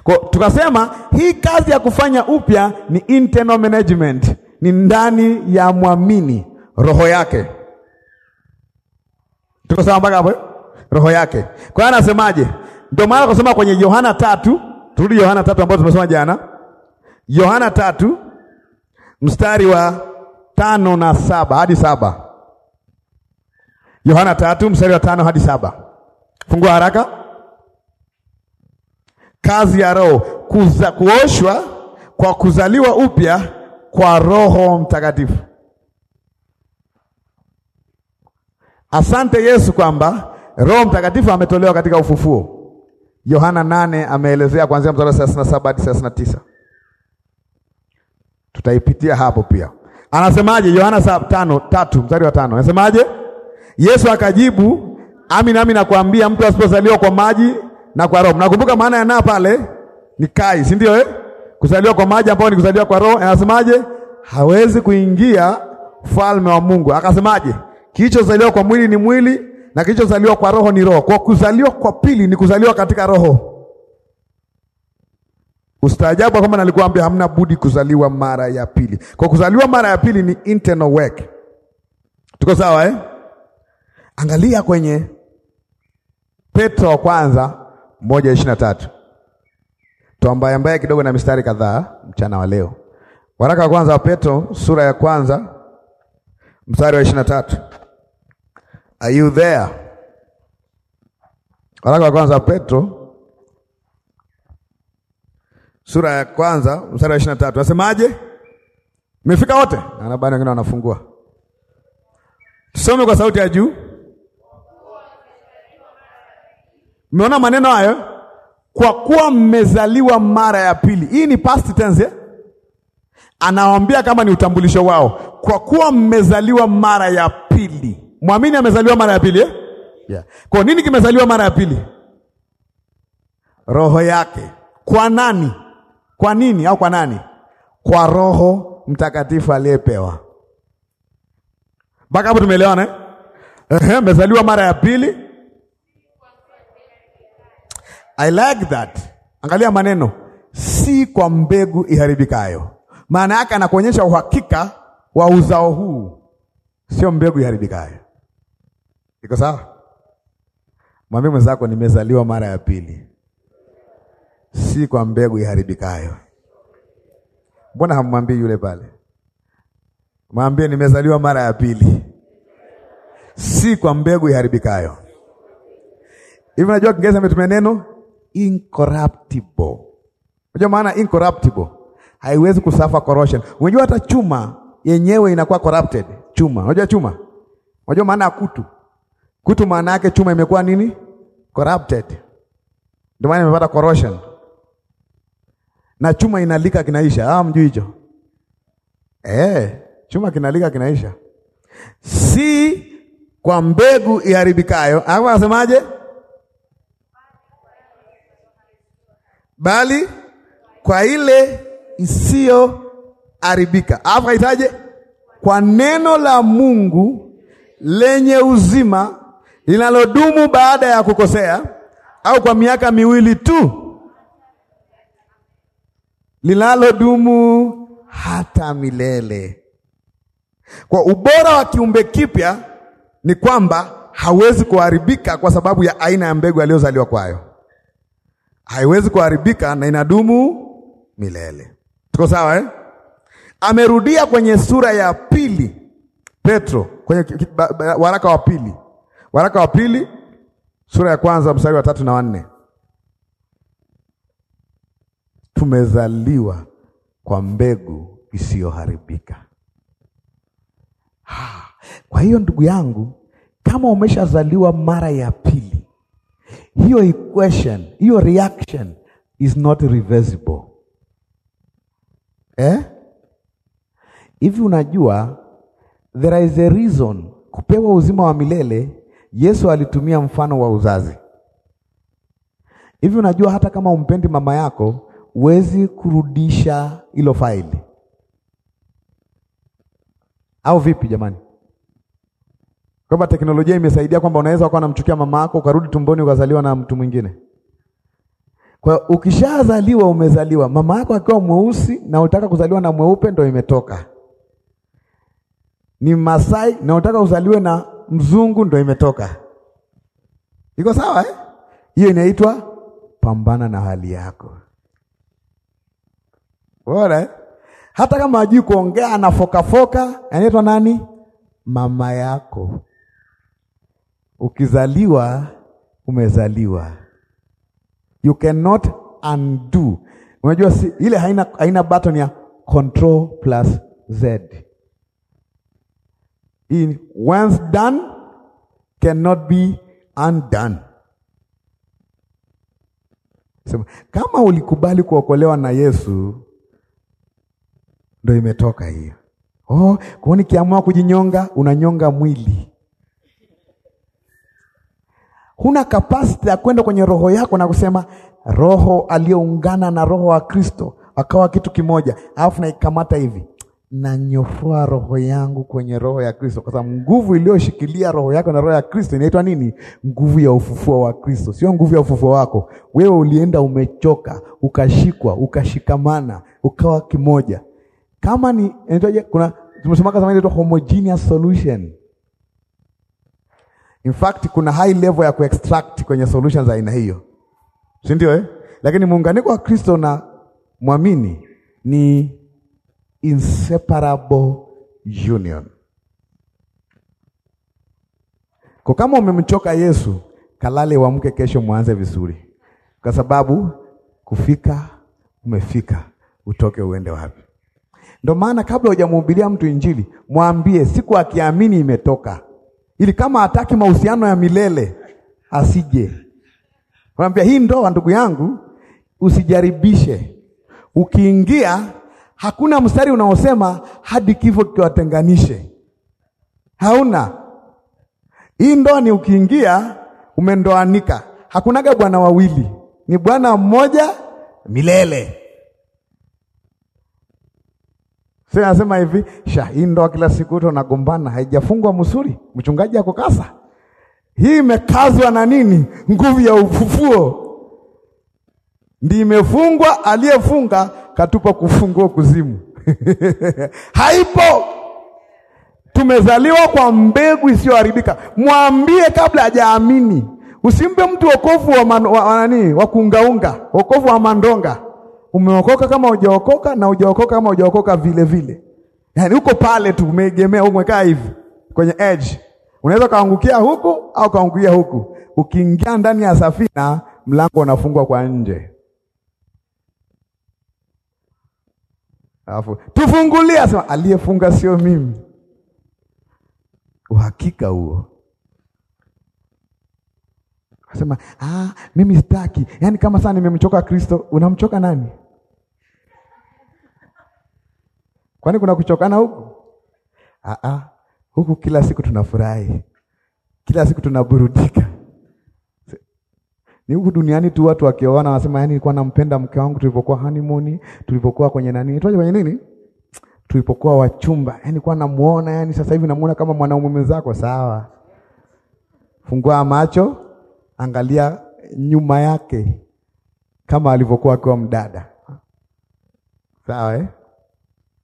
Kwa tukasema hii kazi ya kufanya upya ni internal management, ni ndani ya mwamini roho yake. Tuko sawa mpaka hapo? Eh? Roho yake. Kwa hiyo anasemaje? Ndio maana kusema kwenye Yohana tatu turudi Yohana tatu ambayo tumesoma jana. Yohana tatu mstari wa tano na saba hadi saba. Yohana tatu mstari wa tano hadi saba. Fungua haraka. Kazi ya Roho kuza, kuoshwa kwa kuzaliwa upya kwa Roho Mtakatifu. Asante Yesu kwamba Roho Mtakatifu ametolewa katika ufufuo Yohana nane ameelezea kuanzia mstari wa thelathini na saba hadi thelathini na tisa. Tutaipitia hapo pia. Anasemaje? Yohana tano tatu mstari wa tano anasemaje? Yesu akajibu, amin amin nakwambia, mtu asipozaliwa kwa maji na kwa Roho. Nakumbuka maana ya naa pale ni kai, si ndio eh? Kuzaliwa kwa maji ambao ni kuzaliwa kwa Roho. Anasemaje? hawezi kuingia ufalme wa Mungu. Akasemaje? Kilichozaliwa kwa mwili ni mwili na kilichozaliwa kwa roho ni roho. Kwa kuzaliwa kwa pili ni kuzaliwa katika roho. Ustaajabu kama nalikuambia hamna budi kuzaliwa mara ya pili. Kwa kuzaliwa mara ya pili ni internal work. Tuko sawa eh? Angalia kwenye Petro wa kwanza moja ishirini na tatu tuambaye ambaye kidogo na mistari kadhaa mchana wa leo. Waraka wa kwanza wa Petro sura ya kwanza mstari wa ishirini na tatu Are you there? Waraka wa kwanza Petro sura ya kwanza mstari wa ishirini na tatu nasemaje? mefika wote? Anabani wengine wanafungua, tusome kwa sauti ya juu. Mmeona maneno hayo, kwa kuwa mmezaliwa mara ya pili. Hii ni past tense Anawaambia kama ni utambulisho wao, kwa kuwa mmezaliwa mara ya pili Mwamini amezaliwa mara ya pili eh? Yeah. Kwa nini kimezaliwa mara ya pili? Roho yake. Kwa nani? Kwa nini au kwa nani? Kwa Roho Mtakatifu aliyepewa. Mpaka hapo tumeelewana eh? Ehe, amezaliwa mara ya pili. I like that. Angalia maneno, si kwa mbegu iharibikayo. Maana yake anakuonyesha uhakika wa uzao huu, sio mbegu iharibikayo. Iko sawa? Mwambie mwenzako nimezaliwa mara ya pili, si kwa mbegu iharibikayo. Mbona hamwambii yule pale? Mwambie nimezaliwa mara ya pili, si kwa mbegu iharibikayo. Hivi najua Kiingereza ametumia neno incorruptible. Unajua maana incorruptible haiwezi kusafa corrosion. Unajua hata chuma yenyewe inakuwa corrupted. Chuma, unajua chuma, unajua maana ya kutu Kutu maana yake chuma imekuwa nini? Corrupted. Ndio maana imepata corrosion. Na chuma inalika kinaisha. Ah, mjui hicho. Eh, chuma kinalika kinaisha. Si kwa mbegu iharibikayo. Hapo anasemaje? Bali kwa ile isiyo haribika. Hapo haitaje? Kwa neno la Mungu lenye uzima linalodumu baada ya kukosea au kwa miaka miwili tu, linalodumu hata milele. Kwa ubora wa kiumbe kipya ni kwamba hawezi kuharibika kwa sababu ya aina ya mbegu aliyozaliwa kwayo. Haiwezi kuharibika na inadumu milele. Tuko sawa eh? Amerudia kwenye sura ya pili Petro, kwenye waraka wa pili Waraka wa pili sura ya kwanza mstari wa tatu na wanne tumezaliwa kwa mbegu isiyoharibika. Kwa hiyo ndugu yangu, kama umeshazaliwa mara ya pili, hiyo equation, hiyo reaction is not reversible eh? hivi Unajua there is a reason kupewa uzima wa milele Yesu alitumia mfano wa uzazi. Hivi unajua hata kama umpendi mama yako huwezi kurudisha hilo faili, au vipi jamani? Kwamba teknolojia imesaidia kwamba unaweza ukawa namchukia mama yako ukarudi tumboni ukazaliwa na mtu mwingine. Kwa ukishazaliwa umezaliwa, mama yako akiwa mweusi na unataka kuzaliwa na mweupe, ndo imetoka. Ni Masai na unataka uzaliwe na mzungu ndo imetoka. Iko sawa eh? Hiyo inaitwa pambana na hali yako. Bora eh? Hata kama hajui kuongea anafokafoka, anaitwa nani? Mama yako. Ukizaliwa umezaliwa, you cannot undo. Unajua si, ile haina, haina button ya control plus z He once done cannot be undone. Sema, kama ulikubali kuokolewa na Yesu ndio imetoka hiyo. Oh, kwa nikiamua kujinyonga, unanyonga mwili. Huna kapasiti ya kwenda kwenye roho yako na kusema roho aliyoungana na roho wa Kristo akawa kitu kimoja, alafu naikamata hivi nanyofoa roho yangu kwenye roho ya Kristo, kwa sababu nguvu iliyoshikilia roho yako na roho ya Kristo inaitwa nini? Nguvu ya ufufuo wa Kristo, sio nguvu ya ufufuo wako wewe. Ulienda umechoka, ukashikwa, ukashikamana, ukawa kimoja. Kama ni inaitwaje? Kuna tumesema kama inaitwa homogeneous solution. In fact kuna high level ya kuextract kwenye solutions za aina hiyo, si ndio eh? Lakini muunganiko wa Kristo na mwamini ni inseparable union. Kwa kama umemchoka Yesu, kalale uamke kesho mwanze vizuri, kwa sababu kufika umefika, utoke uende wapi? Ndio maana kabla hujamhubiria mtu Injili, mwambie siku akiamini imetoka, ili kama hataki mahusiano ya milele asije. Mwambie hii ndoa, ndugu yangu, usijaribishe, ukiingia Hakuna mstari unaosema hadi kifo kiwatenganishe, hauna. Hii ndoa ni ukiingia umendoanika, hakunaga bwana wawili, ni bwana mmoja milele. Sasa anasema hivi, sha hii ndoa kila siku tunagombana, haijafungwa msuri, mchungaji akokasa. Hii imekazwa na nini? Nguvu ya ufufuo ndimefungwa aliyefunga katupa kufungua kuzimu haipo. Tumezaliwa kwa mbegu isiyoharibika. Mwambie kabla hajaamini. Usimpe mtu wokovu wa, man, wa, wa, nani wa kuungaunga, wokovu wa mandonga. Umeokoka kama hujaokoka na hujaokoka kama hujaokoka vile vile, yaani uko pale tu, umeegemea, umekaa hivi kwenye edge. Unaweza ukaangukia huku au ukaangukia huku. Ukiingia ndani ya safina, mlango unafungwa kwa nje. Alafu tufungulia sema aliyefunga sio mimi. Uhakika huo. Asema ah, mimi sitaki. Yaani kama saa nimemchoka Kristo, unamchoka nani? Kwani kuna kuchokana huku? Ah ah. Huku kila siku tunafurahi. Kila siku tunaburudika. Ni huku duniani tu watu wakioana wanasema, yani nilikuwa nampenda mke wangu tulipokuwa honeymoon, tulipokuwa kwenye nani? Tuaje kwenye nini? Tulipokuwa wachumba. Yani nilikuwa namuona, yani sasa hivi namuona kama mwanaume mwenzako, sawa? Fungua macho, angalia nyuma yake kama alivyokuwa akiwa mdada. Sawa eh?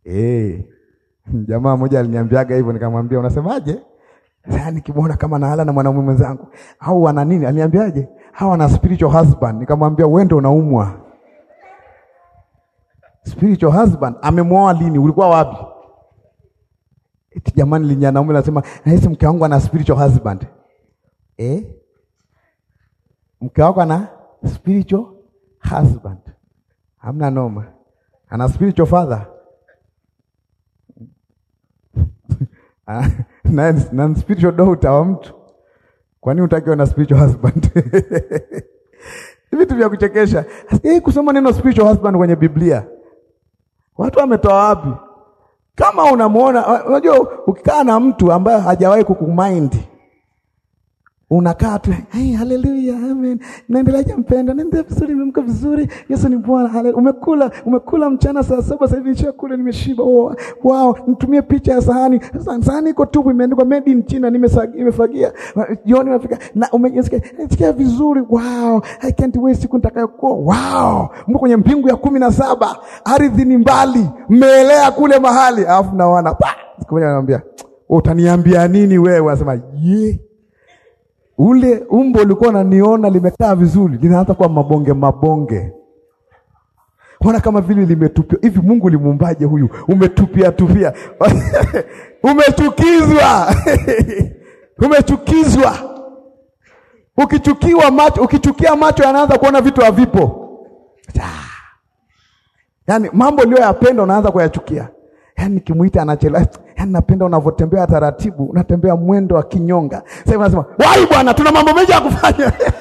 Eh. Jamaa mmoja aliniambiaga hivyo nikamwambia, unasemaje? Sasa nikimwona kama nahala na mwanaume mwenzangu au ana nini? Aliniambiaje? hawa na spiritual husband. Nikamwambia wewe ndio unaumwa. Spiritual husband amemwoa lini? Ulikuwa wapi? Eti jamani, linyanaume nasema nahisi mke wangu ana spiritual husband. Eh? Mke wako ana spiritual husband. Hamna noma. Ana spiritual father. na, na spiritual daughter wa mtu nini utakiwa na spiritual husband? Vitu vya kuchekesha. Eh, kusoma neno spiritual husband kwenye Biblia. Watu wametoa wapi? Kama unamuona, unajua ukikaa na mtu ambaye hajawahi kukumind Unakaa tu hey, haleluya amen, naendeleaje mpendwa, naendelea vizuri, nimemka vizuri, Yesu ni Bwana. Umekula umekula mchana saa saba, sasa hivi nisha kule nimeshiba. Oh, wow, nitumie picha ya sahani. Sahani iko tupu, imeandikwa made in China, nimefagia. Jioni unafika na umejisikia vizuri, wow, I can't wait siku nitakayokuwa. Wow, mko kwenye mbingu ya kumi na saba, ardhi ni mbali, mmeelea kule mahali, alafu na pa, siku moja utaniambia nini wewe? Anasema yeah. Ule umbo ulikuwa unaniona limekaa vizuri, linaanza kuwa mabonge mabonge, ona kama vile limetupia hivi. Mungu limuumbaje huyu? Umetupia tupia umechukizwa umechukizwa. Ukichukiwa macho, ukichukia macho yanaanza kuona vitu havipo. Yaani mambo uliyoyapenda unaanza kuyachukia. Yaani kimuita anachelewa Yaani napenda unavyotembea taratibu, unatembea mwendo wa kinyonga. Sasa unasema, "Wai bwana, tuna mambo mengi ya kufanya."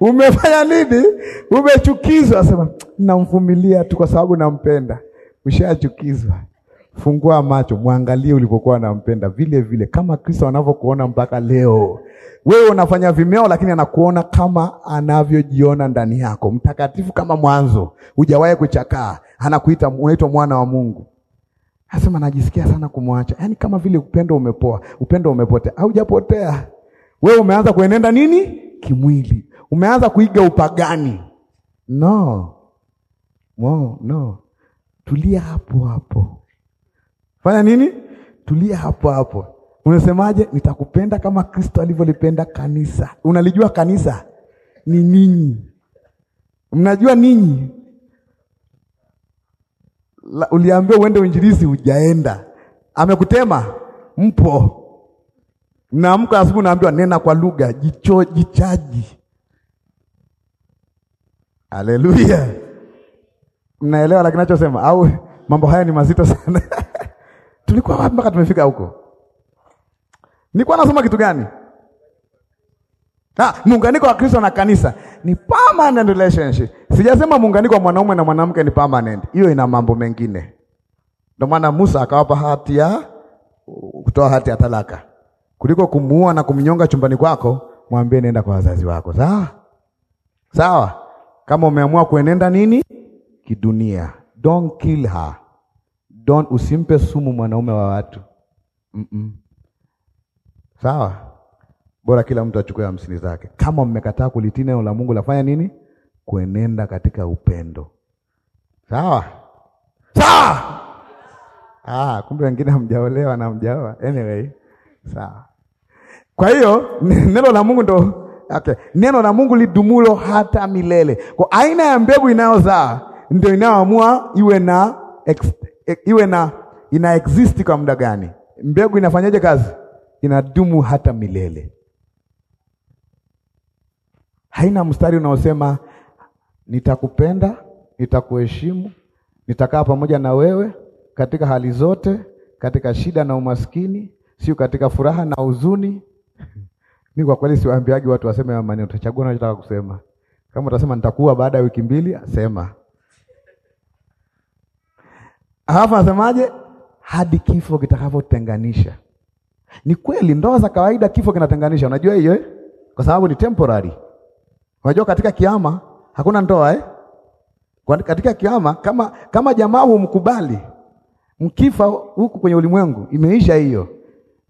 Umefanya nini? Umechukizwa, sema, "Namvumilia tu kwa sababu nampenda." Ushachukizwa. Fungua macho, mwangalie ulipokuwa nampenda vile vile kama Kristo anavyokuona mpaka leo. Wewe unafanya vimeo, lakini anakuona kama anavyojiona ndani yako, mtakatifu kama mwanzo, hujawahi kuchakaa. Anakuita, unaitwa mwana wa Mungu. Asema najisikia sana kumwacha, yaani kama vile upendo umepoa, upendo umepotea. Haujapotea, wewe umeanza kuenenda nini kimwili, umeanza kuiga upagani. No, no, no, tulia hapo hapo. Fanya nini? Tulia hapo hapo. Unasemaje? Nitakupenda kama Kristo alivyolipenda kanisa. Unalijua kanisa ni ninyi, mnajua ninyi uliambiwa uende uinjilizi, hujaenda. Amekutema, mpo. Naamka asubuhi, naambiwa nena kwa lugha, jicho jichaji. Haleluya, mnaelewa lakini nachosema au mambo haya ni mazito sana. Tulikuwa wapi mpaka tumefika huko? Nilikuwa nasoma kitu gani? Ah, muunganiko wa Kristo na kanisa ni permanent relationship. Sijasema muunganiko wa mwanaume na mwanamke ni permanent. Hiyo ina mambo mengine. Ndio maana Musa akawapa hati ya kutoa hati ya talaka. Kuliko kumuua na kumnyonga chumbani kwako, mwambie nenda kwa wazazi wako. Sawa? Sawa? Kama umeamua kuenenda nini? Kidunia. Don't kill her. Don't usimpe sumu mwanaume wa watu. Mm -mm. Sawa? Bora kila mtu achukue hamsini zake. Kama mmekataa kulitii neno la Mungu, lafanya nini? Kuenenda katika upendo. Sawa sawa. Ah, kumbe wengine hamjaolewa na mjaoa. Anyway, sawa. Kwa hiyo neno la Mungu ndo okay. Neno la Mungu lidumulo hata milele. Kwa aina ya mbegu inayozaa ndio inayoamua iwe na ex, e-, iwe na ina exist kwa muda gani. Mbegu inafanyaje kazi? Inadumu hata milele haina mstari unaosema nitakupenda, nitakuheshimu, nitakaa pamoja na wewe katika hali zote, katika shida na umaskini, sio katika furaha na huzuni. mi kwa kweli siwaambiagi watu waseme maneno, utachagua unachotaka kusema. Kama utasema nitakuwa baada ya wiki mbili, sema. Halafu asemaje Hadi kifo kitakavyotenganisha. Ni kweli, ndoa za kawaida kifo kinatenganisha, unajua hiyo eh? Kwa sababu ni temporary Unajua katika kiama hakuna ndoa eh? Katika kiama kama, kama jamaa humkubali mkifa huku kwenye ulimwengu imeisha hiyo.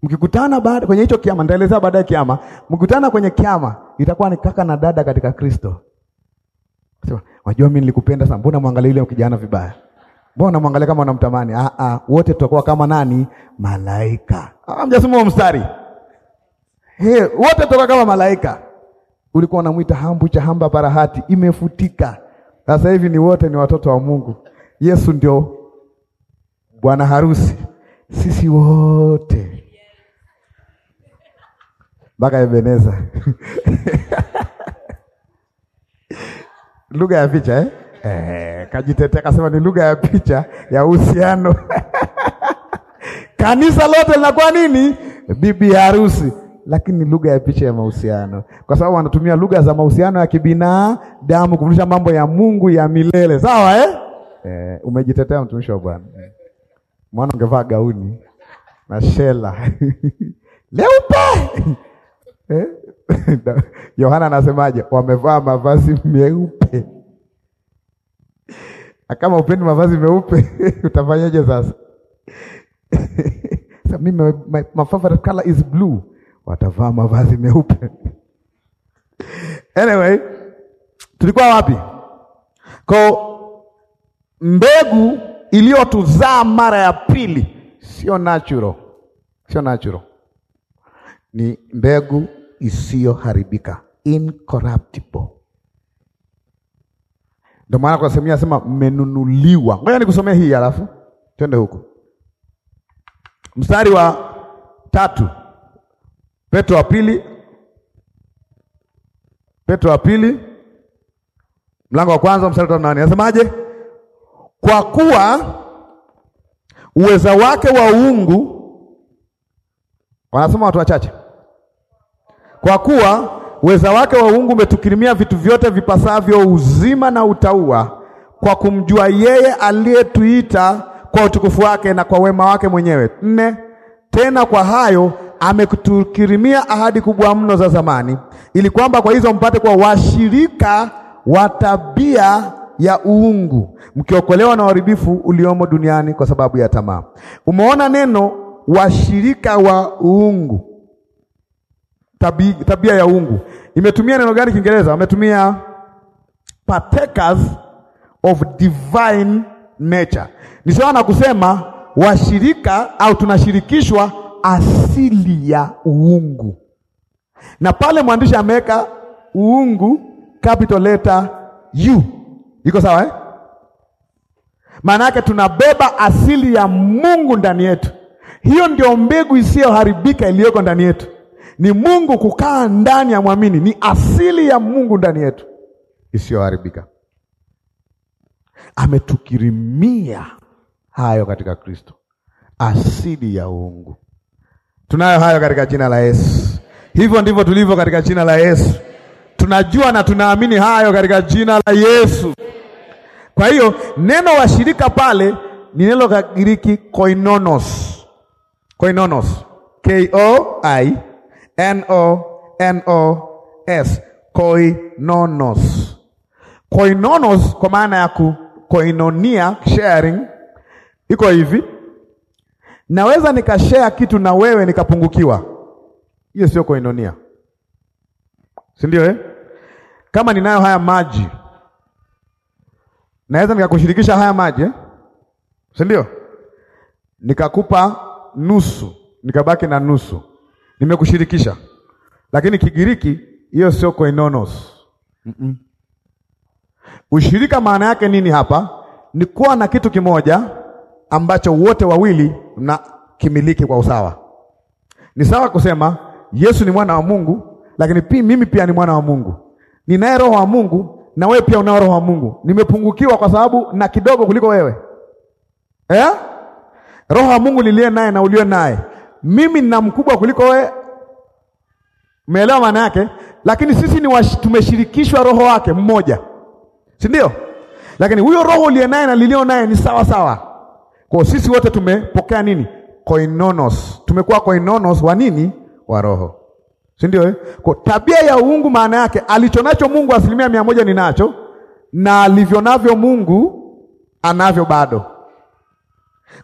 Mkikutana baada kwenye hicho kiama, nitaelezea baadaye kiama. Mkikutana kwenye kiama itakuwa ni kaka na dada katika Kristo. Sema, wajua mimi nilikupenda sana. Mbona mwangalia yule kijana vibaya? Mbona mwangalia kama unamtamani? Ah ah, wote tutakuwa kama nani? Malaika. Ah, mjasema mstari. Eh, Hey, wote tutakuwa kama malaika. Ulikuwa unamwita hambu cha hamba barahati, imefutika. Sasa hivi ni wote ni watoto wa Mungu. Yesu ndio bwana harusi, sisi wote mpaka Ebeneza lugha ya picha eh? Eh, kajitetea kasema ni lugha ya picha ya uhusiano kanisa lote linakuwa nini? Bibi harusi lakini lugha ya picha ya mahusiano, kwa sababu wanatumia lugha za mahusiano ya kibinadamu kufundisha mambo ya Mungu ya milele. Sawa eh? Eh, umejitetea mtumishi wa Bwana eh. Mwana ungevaa gauni na shela leupe eh? Yohana anasemaje? Wamevaa mavazi meupe. Kama upendi mavazi meupe utafanyaje sasa? so, mimi my, my favorite color is blue watavaa mavazi meupe. Anyway, tulikuwa wapi? Kwa mbegu iliyotuzaa mara ya pili sio natural, sio natural, ni mbegu isiyoharibika incorruptible. Ndio maana kwa sehemu asema mmenunuliwa. Ngoja nikusomee hii, alafu twende huku, mstari wa tatu. Petro wa pili, Petro wa pili mlango wa kwanza mstari wa nane anasemaje? Kwa kuwa uweza wake wa uungu, wanasema watu wachache, kwa kuwa uweza wake wa uungu umetukirimia vitu vyote vipasavyo uzima na utaua, kwa kumjua yeye aliyetuita kwa utukufu wake na kwa wema wake mwenyewe. Nne, tena kwa hayo amekutukirimia ahadi kubwa mno za zamani, ili kwamba kwa hizo mpate kuwa washirika wa tabia ya uungu, mkiokolewa na uharibifu uliomo duniani kwa sababu ya tamaa. Umeona neno washirika wa uungu, tabi, tabia ya uungu imetumia neno gani Kiingereza? Wametumia partakers of divine nature. Ni sawa na kusema washirika au tunashirikishwa asili ya uungu, na pale mwandishi ameweka uungu capital letter U, iko sawa eh? Maana yake tunabeba asili ya Mungu ndani yetu. Hiyo ndio mbegu isiyoharibika iliyoko ndani yetu, ni Mungu kukaa ndani ya mwamini, ni asili ya Mungu ndani yetu isiyoharibika. Ametukirimia hayo katika Kristo, asili ya uungu. Tunayo hayo katika jina la Yesu. Hivyo ndivyo tulivyo katika jina la Yesu. Tunajua na tunaamini hayo katika jina la Yesu. Kwa hiyo neno washirika pale ni neno la Kigiriki koinonos. Koinonos. K O I N O N O S. Koinonos. Koinonos kwa maana ya ku koinonia sharing iko hivi Naweza nikashare kitu na wewe nikapungukiwa. Hiyo sio koinonia, si ndio eh? Kama ninayo haya maji, naweza nikakushirikisha haya maji eh? si ndio? Nikakupa nusu, nikabaki na nusu, nimekushirikisha. Lakini Kigiriki hiyo sio koinonos. mm -mm. Ushirika maana yake nini hapa? Ni kuwa na kitu kimoja ambacho wote wawili na kimiliki kwa usawa. Ni sawa kusema Yesu ni mwana wa Mungu, lakini pia mimi pia ni mwana wa Mungu, ninaye roho wa Mungu na wewe pia unao roho wa Mungu. Nimepungukiwa kwa sababu na kidogo kuliko wewe eh? Roho wa Mungu niliye naye na ulio naye, mimi nina mkubwa kuliko wewe. Umeelewa maana yake? Lakini sisi ni tumeshirikishwa roho wake mmoja, si ndio? Lakini huyo roho uliye naye na lilio naye ni sawa sawa kwa sisi wote tumepokea nini? Koinonos. Tumekuwa koinonos wa nini? Wa roho. Si ndio eh? Kwa tabia ya uungu maana yake alichonacho Mungu asilimia mia moja ninacho na alivyonavyo Mungu anavyo bado.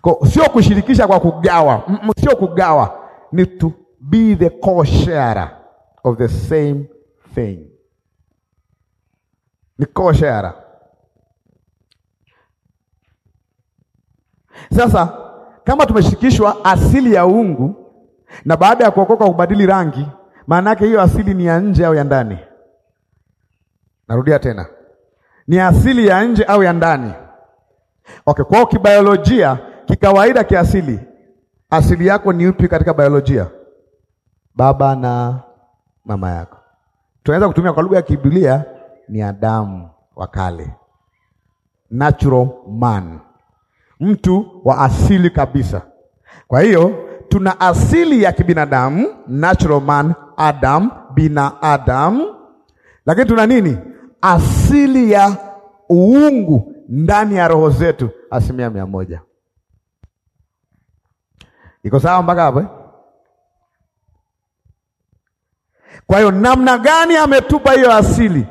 Kwa sio kushirikisha kwa kugawa. Mm, mm, sio kugawa. Ni to be the co-sharer of the same thing. Ni co-sharer. Sasa kama tumeshikishwa asili ya uungu na baada ya kuokoka kubadili rangi, maana yake hiyo asili ni ya nje au ya ndani? Narudia tena, ni asili ya nje au ya ndani? Okay, kwao kibiolojia, kikawaida, kiasili, asili yako ni upi katika biolojia? Baba na mama yako. Tunaweza kutumia kwa lugha ya Kibiblia, ni Adamu wa kale, natural man mtu wa asili kabisa. Kwa hiyo tuna asili ya kibinadamu, natural man, Adam, Adam, lakini tuna nini? Asili ya uungu ndani ya roho zetu, asilimia mia moja. Iko sawa mpaka hapo? Eh? Kwa hiyo namna gani ametupa hiyo asili?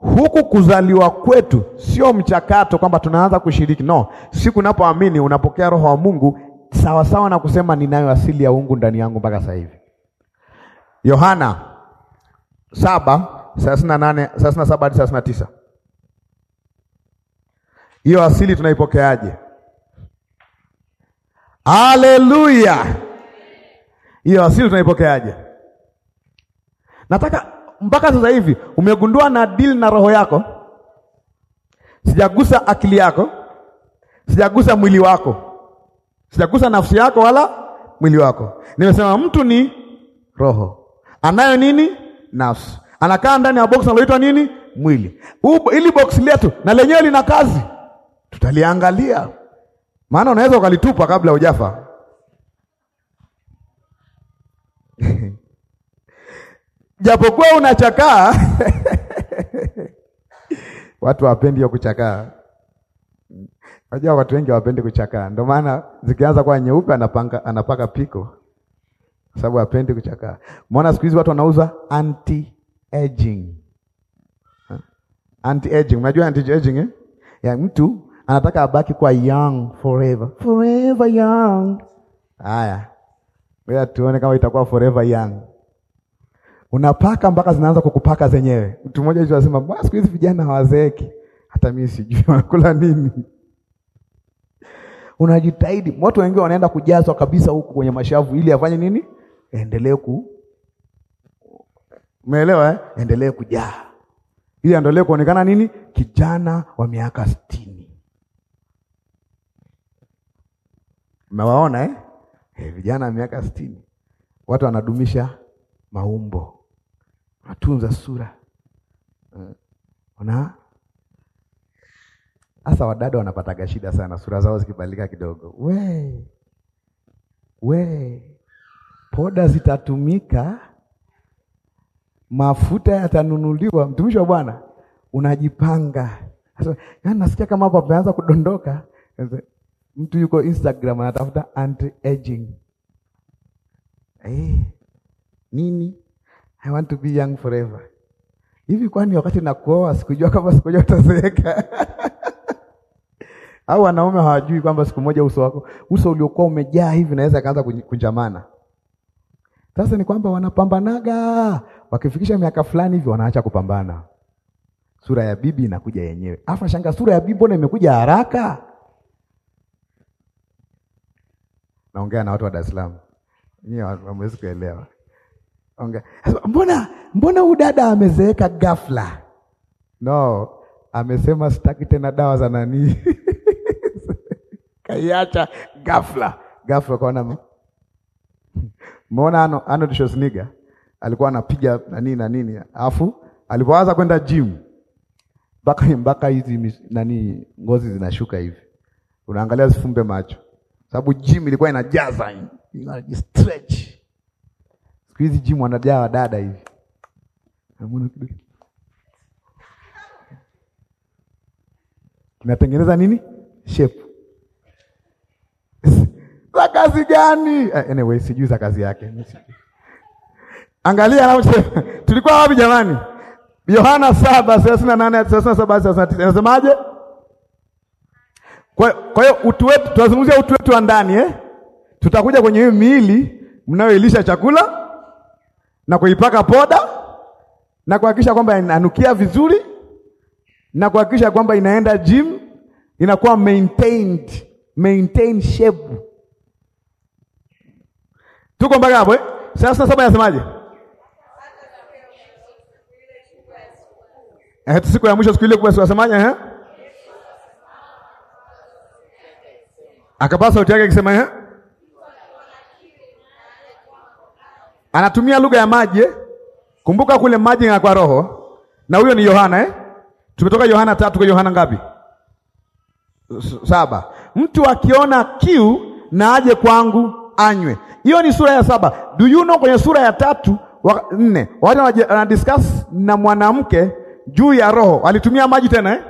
Huku kuzaliwa kwetu sio mchakato kwamba tunaanza kushiriki, no. siku unapoamini unapokea roho wa Mungu sawasawa sawa na kusema ninayo asili ya uungu ndani yangu mpaka sasa hivi. Yohana 7:38 thelathini hadi Hiyo asili tunaipokeaje? Haleluya! Hiyo asili tunaipokeaje? Nataka mpaka sasa hivi umegundua na deal na roho yako. Sijagusa akili yako, sijagusa mwili wako, sijagusa nafsi yako wala mwili wako. Nimesema mtu ni roho, anayo nini? Nafsi. Anakaa ndani ya box analoitwa nini? Mwili. Ili box letu na lenyewe lina kazi, tutaliangalia, maana unaweza ukalitupa kabla hujafa japokuwa unachakaa watu wapendi kuchakaa. Unajua watu wengi wapendi kuchakaa, ndio maana zikianza kuwa nyeupe anapanga, anapaka piko sababu wapendi kuchakaa. Umeona siku hizi watu wanauza anti aging, anti aging. Unajua anti aging eh? ya mtu anataka abaki kwa young forever, forever young. Haya, wewe tuone kama itakuwa forever young unapaka mpaka zinaanza kukupaka zenyewe. Mtu mmoja hivi anasema bwana, siku hizi vijana hawazeeki, hata mimi sijui wanakula nini. Unajitahidi. Watu wengi wanaenda kujazwa kabisa huku kwenye mashavu ili afanye nini? Endelee ku umeelewa eh? Endelee kujaa ili endelee kuonekana nini, kijana wa miaka sitini. Mmewaona eh? Eh, vijana wa miaka sitini watu wanadumisha maumbo atunza sura eh, ona hasa wadada wanapataga shida sana, sura zao zikibadilika kidogo, we we, poda zitatumika, mafuta yatanunuliwa. Mtumishi wa Bwana, unajipanga. Yaani nasikia kama hapo ameanza kudondoka. Mtu yuko Instagram anatafuta anti aging eh, nini I want to be young forever. Hivi kwani wakati nakuoa sikujua kama siku moja utazeeka? Au wanaume hawajui kwamba siku moja uso wako, uso uliokuwa umejaa hivi naweza kaanza kunjamana. Sasa ni kwamba wanapambanaga, wakifikisha miaka fulani hivi wanaacha kupambana. Sura ya bibi inakuja yenyewe. Afa shanga, sura ya bibi mbona imekuja haraka? Naongea na watu wa Dar es Salaam. Ninyi hamwezi kuelewa. Mbona mbona huyu dada amezeeka ghafla? No, amesema sitaki tena dawa za nani kaiacha ghafla ghafla. Kaona muona ano Arnold Schwarzenegger alikuwa anapiga na na nini, alafu alipoanza kwenda gym mpaka mpaka hizi nani ngozi zinashuka hivi, unaangalia zifumbe macho, sababu gym ilikuwa inajaza ina Siku hizi jimu wanajaa wadada hivi. Kinatengeneza nini? Shepu za kazi gani? Ah, anyway, sijui za kazi yake. Angalia anasema tulikuwa wapi jamani? Yohana saba thelathini na nane thelathini na saba thelathini na tisa inasemaje? Kwa hiyo utu wetu tunazungumzia utu wetu wa ndani eh? Tutakuja kwenye hiyo miili mnayoilisha chakula na kuipaka poda na kuhakikisha kwamba inanukia vizuri na kuhakikisha kwamba inaenda gym, inakuwa maintained, maintain shape. Tuko mpaka hapo eh? Sasa saba nasemaje? Eh, siku ya mwisho siku ile kubwa siwasemaje eh? Akapasa sauti yake akisema eh? anatumia lugha ya maji. Eh? Kumbuka kule maji na kwa roho, na huyo ni Yohana eh? Tumetoka Yohana tatu kwa Yohana ngapi? Saba. Mtu akiona kiu na aje kwangu anywe. Hiyo ni sura ya saba. Do you know kwenye sura ya tatu wa, nne wana discuss na mwanamke juu ya roho alitumia maji tena eh?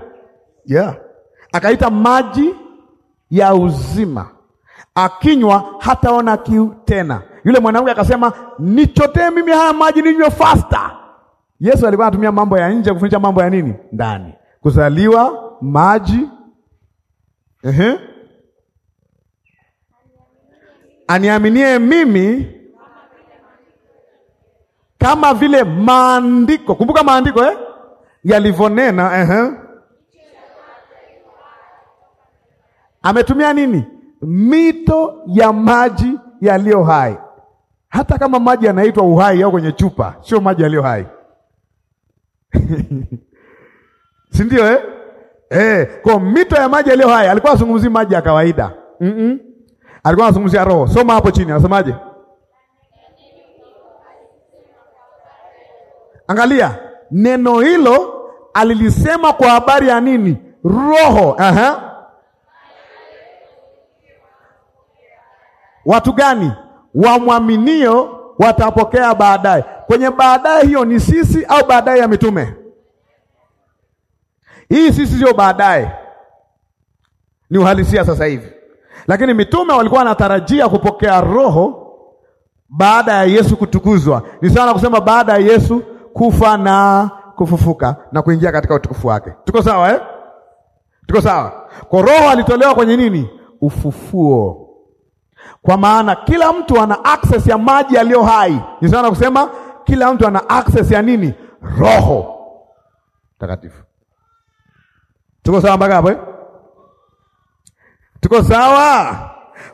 Yeah. Akaita maji ya uzima, akinywa hataona kiu tena. Yule mwanamke akasema, nichotee mimi haya maji ninywe fasta. Yesu alikuwa anatumia mambo ya nje kufundisha mambo ya nini? Ndani. Kuzaliwa maji. Ehe. Aniaminie mimi kama vile maandiko, kumbuka maandiko eh? yalivyonena ehe. Ametumia nini? Mito ya maji yaliyo hai hata kama maji yanaitwa uhai au kwenye chupa, sio maji yaliyo hai si ndio eh? Eh, kwa mito ya maji yaliyo hai alikuwa azungumzia maji ya kawaida mm -mm. Alikuwa anazungumzia roho. Soma hapo chini, anasemaje? Angalia neno hilo alilisema kwa habari ya nini? Roho. Aha. Watu gani? wamwaminio watapokea baadaye. Kwenye baadaye hiyo ni sisi au baadaye ya mitume? Hii sisi sio baadaye, ni uhalisia sasa hivi, lakini mitume walikuwa wanatarajia kupokea roho baada ya Yesu kutukuzwa. Ni sawa na kusema baada ya Yesu kufa na kufufuka na kuingia katika utukufu wake. Tuko sawa eh? Tuko sawa. Kwa roho alitolewa kwenye nini? Ufufuo. Kwa maana kila mtu ana access ya maji yaliyo hai. Yesu kusema kila mtu ana access ya nini? Roho Mtakatifu. Tuko sawa mpaka hapo eh? Tuko sawa.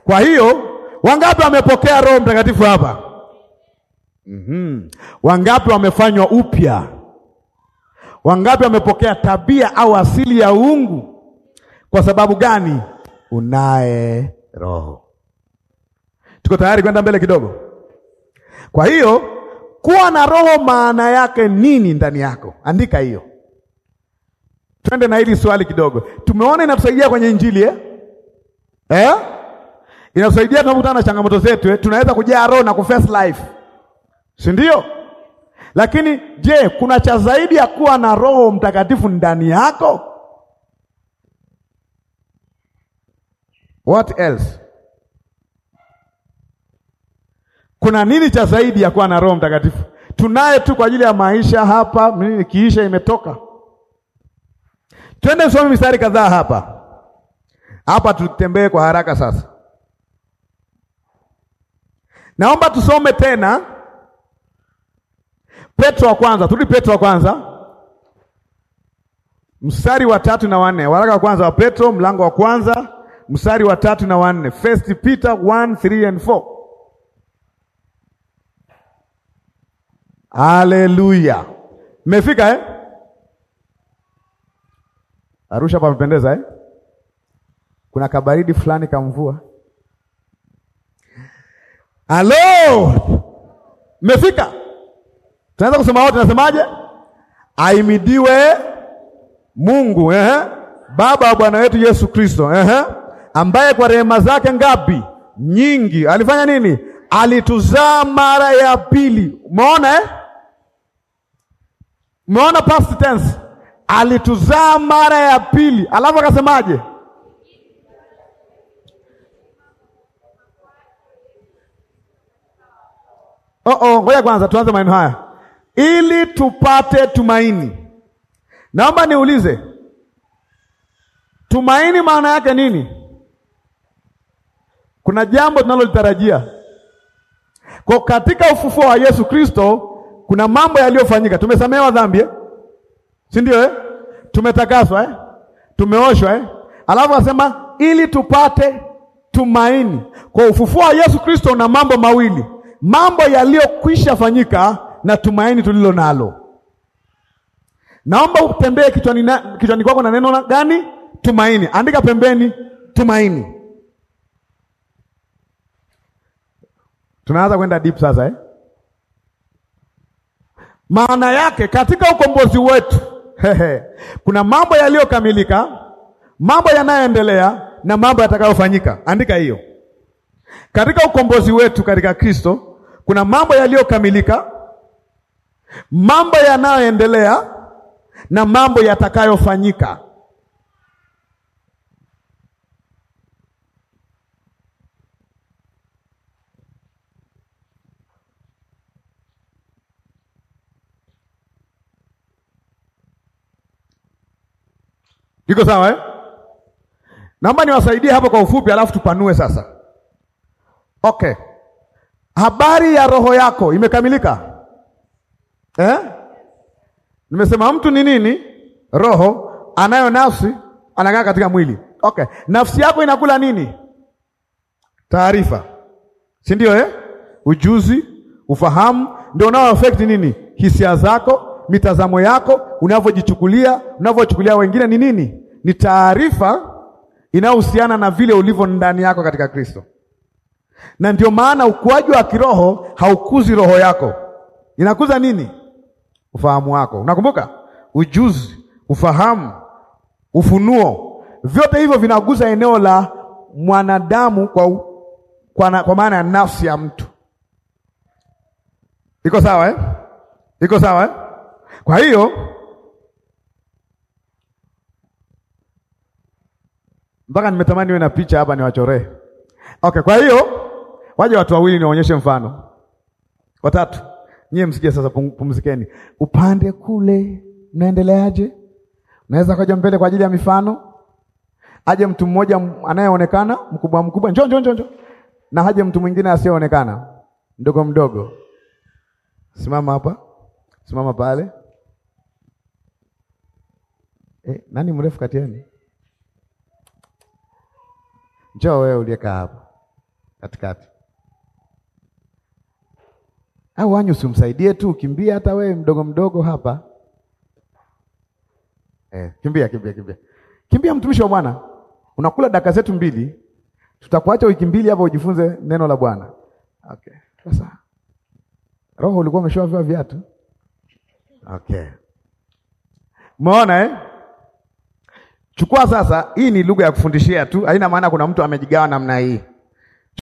Kwa hiyo wangapi wamepokea Roho Mtakatifu hapa? Mm-hmm. Wangapi wamefanywa upya? Wangapi wamepokea tabia au asili ya uungu? Kwa sababu gani? Unaye Roho. Tuko tayari kwenda mbele kidogo? Kwa hiyo kuwa na roho maana yake nini ndani yako? Andika hiyo. Twende na hili swali kidogo. Tumeona inatusaidia kwenye injili eh? Eh? Inatusaidia tunapokutana na changamoto zetu eh? Tunaweza kujaa roho na kuface life. Si ndio? Lakini je, kuna cha zaidi ya kuwa na Roho Mtakatifu ndani yako? What else? Kuna nini cha zaidi ya kuwa na Roho Mtakatifu? Tunaye tu kwa ajili ya maisha hapa, mimi nikiisha imetoka. Twende tusome mistari kadhaa hapa hapa, tutembee kwa haraka sasa. Naomba tusome tena Petro wa kwanza, turudi Petro wa kwanza mstari wa tatu na wanne. Waraka wa kwanza wa Petro mlango wa kwanza mstari wa tatu na wanne. First Peter 1 3 and 4 Haleluya, mmefika eh? Arusha pamependeza eh? Kuna kabaridi fulani kamvua. Halo, mmefika? Tunaweza kusema wote, nasemaje? Aimidiwe Mungu eh? Baba wa Bwana wetu Yesu Kristo eh? ambaye kwa rehema zake ngapi nyingi alifanya nini? Alituzaa mara ya pili. Umeona eh? Umeona past tense, alituzaa mara ya pili, alafu akasemaje? Oh, oh, ngoja kwanza tuanze maneno haya ili tupate tumaini. Naomba niulize, tumaini maana yake nini? Kuna jambo tunalolitarajia kwa katika ufufuo wa Yesu Kristo kuna mambo yaliyofanyika. Tumesamehewa dhambi eh? si ndio eh? Tumetakaswa eh? Tumeoshwa eh? Alafu asema ili tupate tumaini kwa ufufuo wa Yesu Kristo. Una mambo mawili, mambo yaliyokwisha fanyika na tumaini tulilo nalo. Naomba utembee kichwani, kichwani kwako na neno gani? Tumaini. Andika pembeni tumaini. Tunaanza kwenda deep sasa eh? Maana yake katika ukombozi wetu hehe, kuna mambo yaliyokamilika, mambo yanayoendelea na mambo yatakayofanyika. Andika hiyo. Katika ukombozi wetu katika Kristo kuna mambo yaliyokamilika, mambo yanayoendelea na mambo yatakayofanyika. Iko sawa eh? Naomba niwasaidie hapo kwa ufupi, alafu tupanue sasa. Okay, habari ya roho yako imekamilika eh? Nimesema mtu ni nini? Roho anayo nafsi, anakaa katika mwili. Okay, nafsi yako inakula nini? Taarifa, si ndio eh? Ujuzi, ufahamu ndio unao affect nini? Hisia zako mitazamo yako, unavyojichukulia, unavyochukulia wengine ni nini? Ni taarifa inayohusiana na vile ulivyo ndani yako katika Kristo. Na ndio maana ukuaji wa kiroho haukuzi roho yako, inakuza nini? Ufahamu wako. Unakumbuka ujuzi, ufahamu, ufunuo, vyote hivyo vinaguza eneo la mwanadamu kwa, kwa, kwa maana ya nafsi ya mtu. Iko sawa eh? Iko sawa eh? Kwa hiyo mpaka nimetamani niwe na picha hapa niwachoree. Okay, kwa hiyo waje watu wawili niwaonyeshe mfano. Watatu. Nyie msikie sasa, pumzikeni. Upande kule mnaendeleaje? Naweza kaja mbele kwa ajili ya mifano. Aje mtu mmoja anayeonekana mkubwa mkubwa, njoo njoo njoo, na haje mtu mwingine asiyeonekana mdogo mdogo. Simama hapa, simama pale. Eh, nani mrefu kati yenu? Njoo wewe uliyekaa hapo katikati. Au wanyu usimsaidie tu, kimbia hata wewe mdogo mdogo hapa. Eh, kimbia kimbia kimbia. Kimbia mtumishi wa Bwana. Unakula dakika zetu mbili. Tutakuacha wiki mbili hapa ujifunze neno la Bwana. Okay. Sasa roho ulikuwa umeshavaa viatu. Okay. Umeona eh? Chukua sasa, hii ni lugha ya kufundishia tu, haina maana kuna mtu amejigawa namna hii.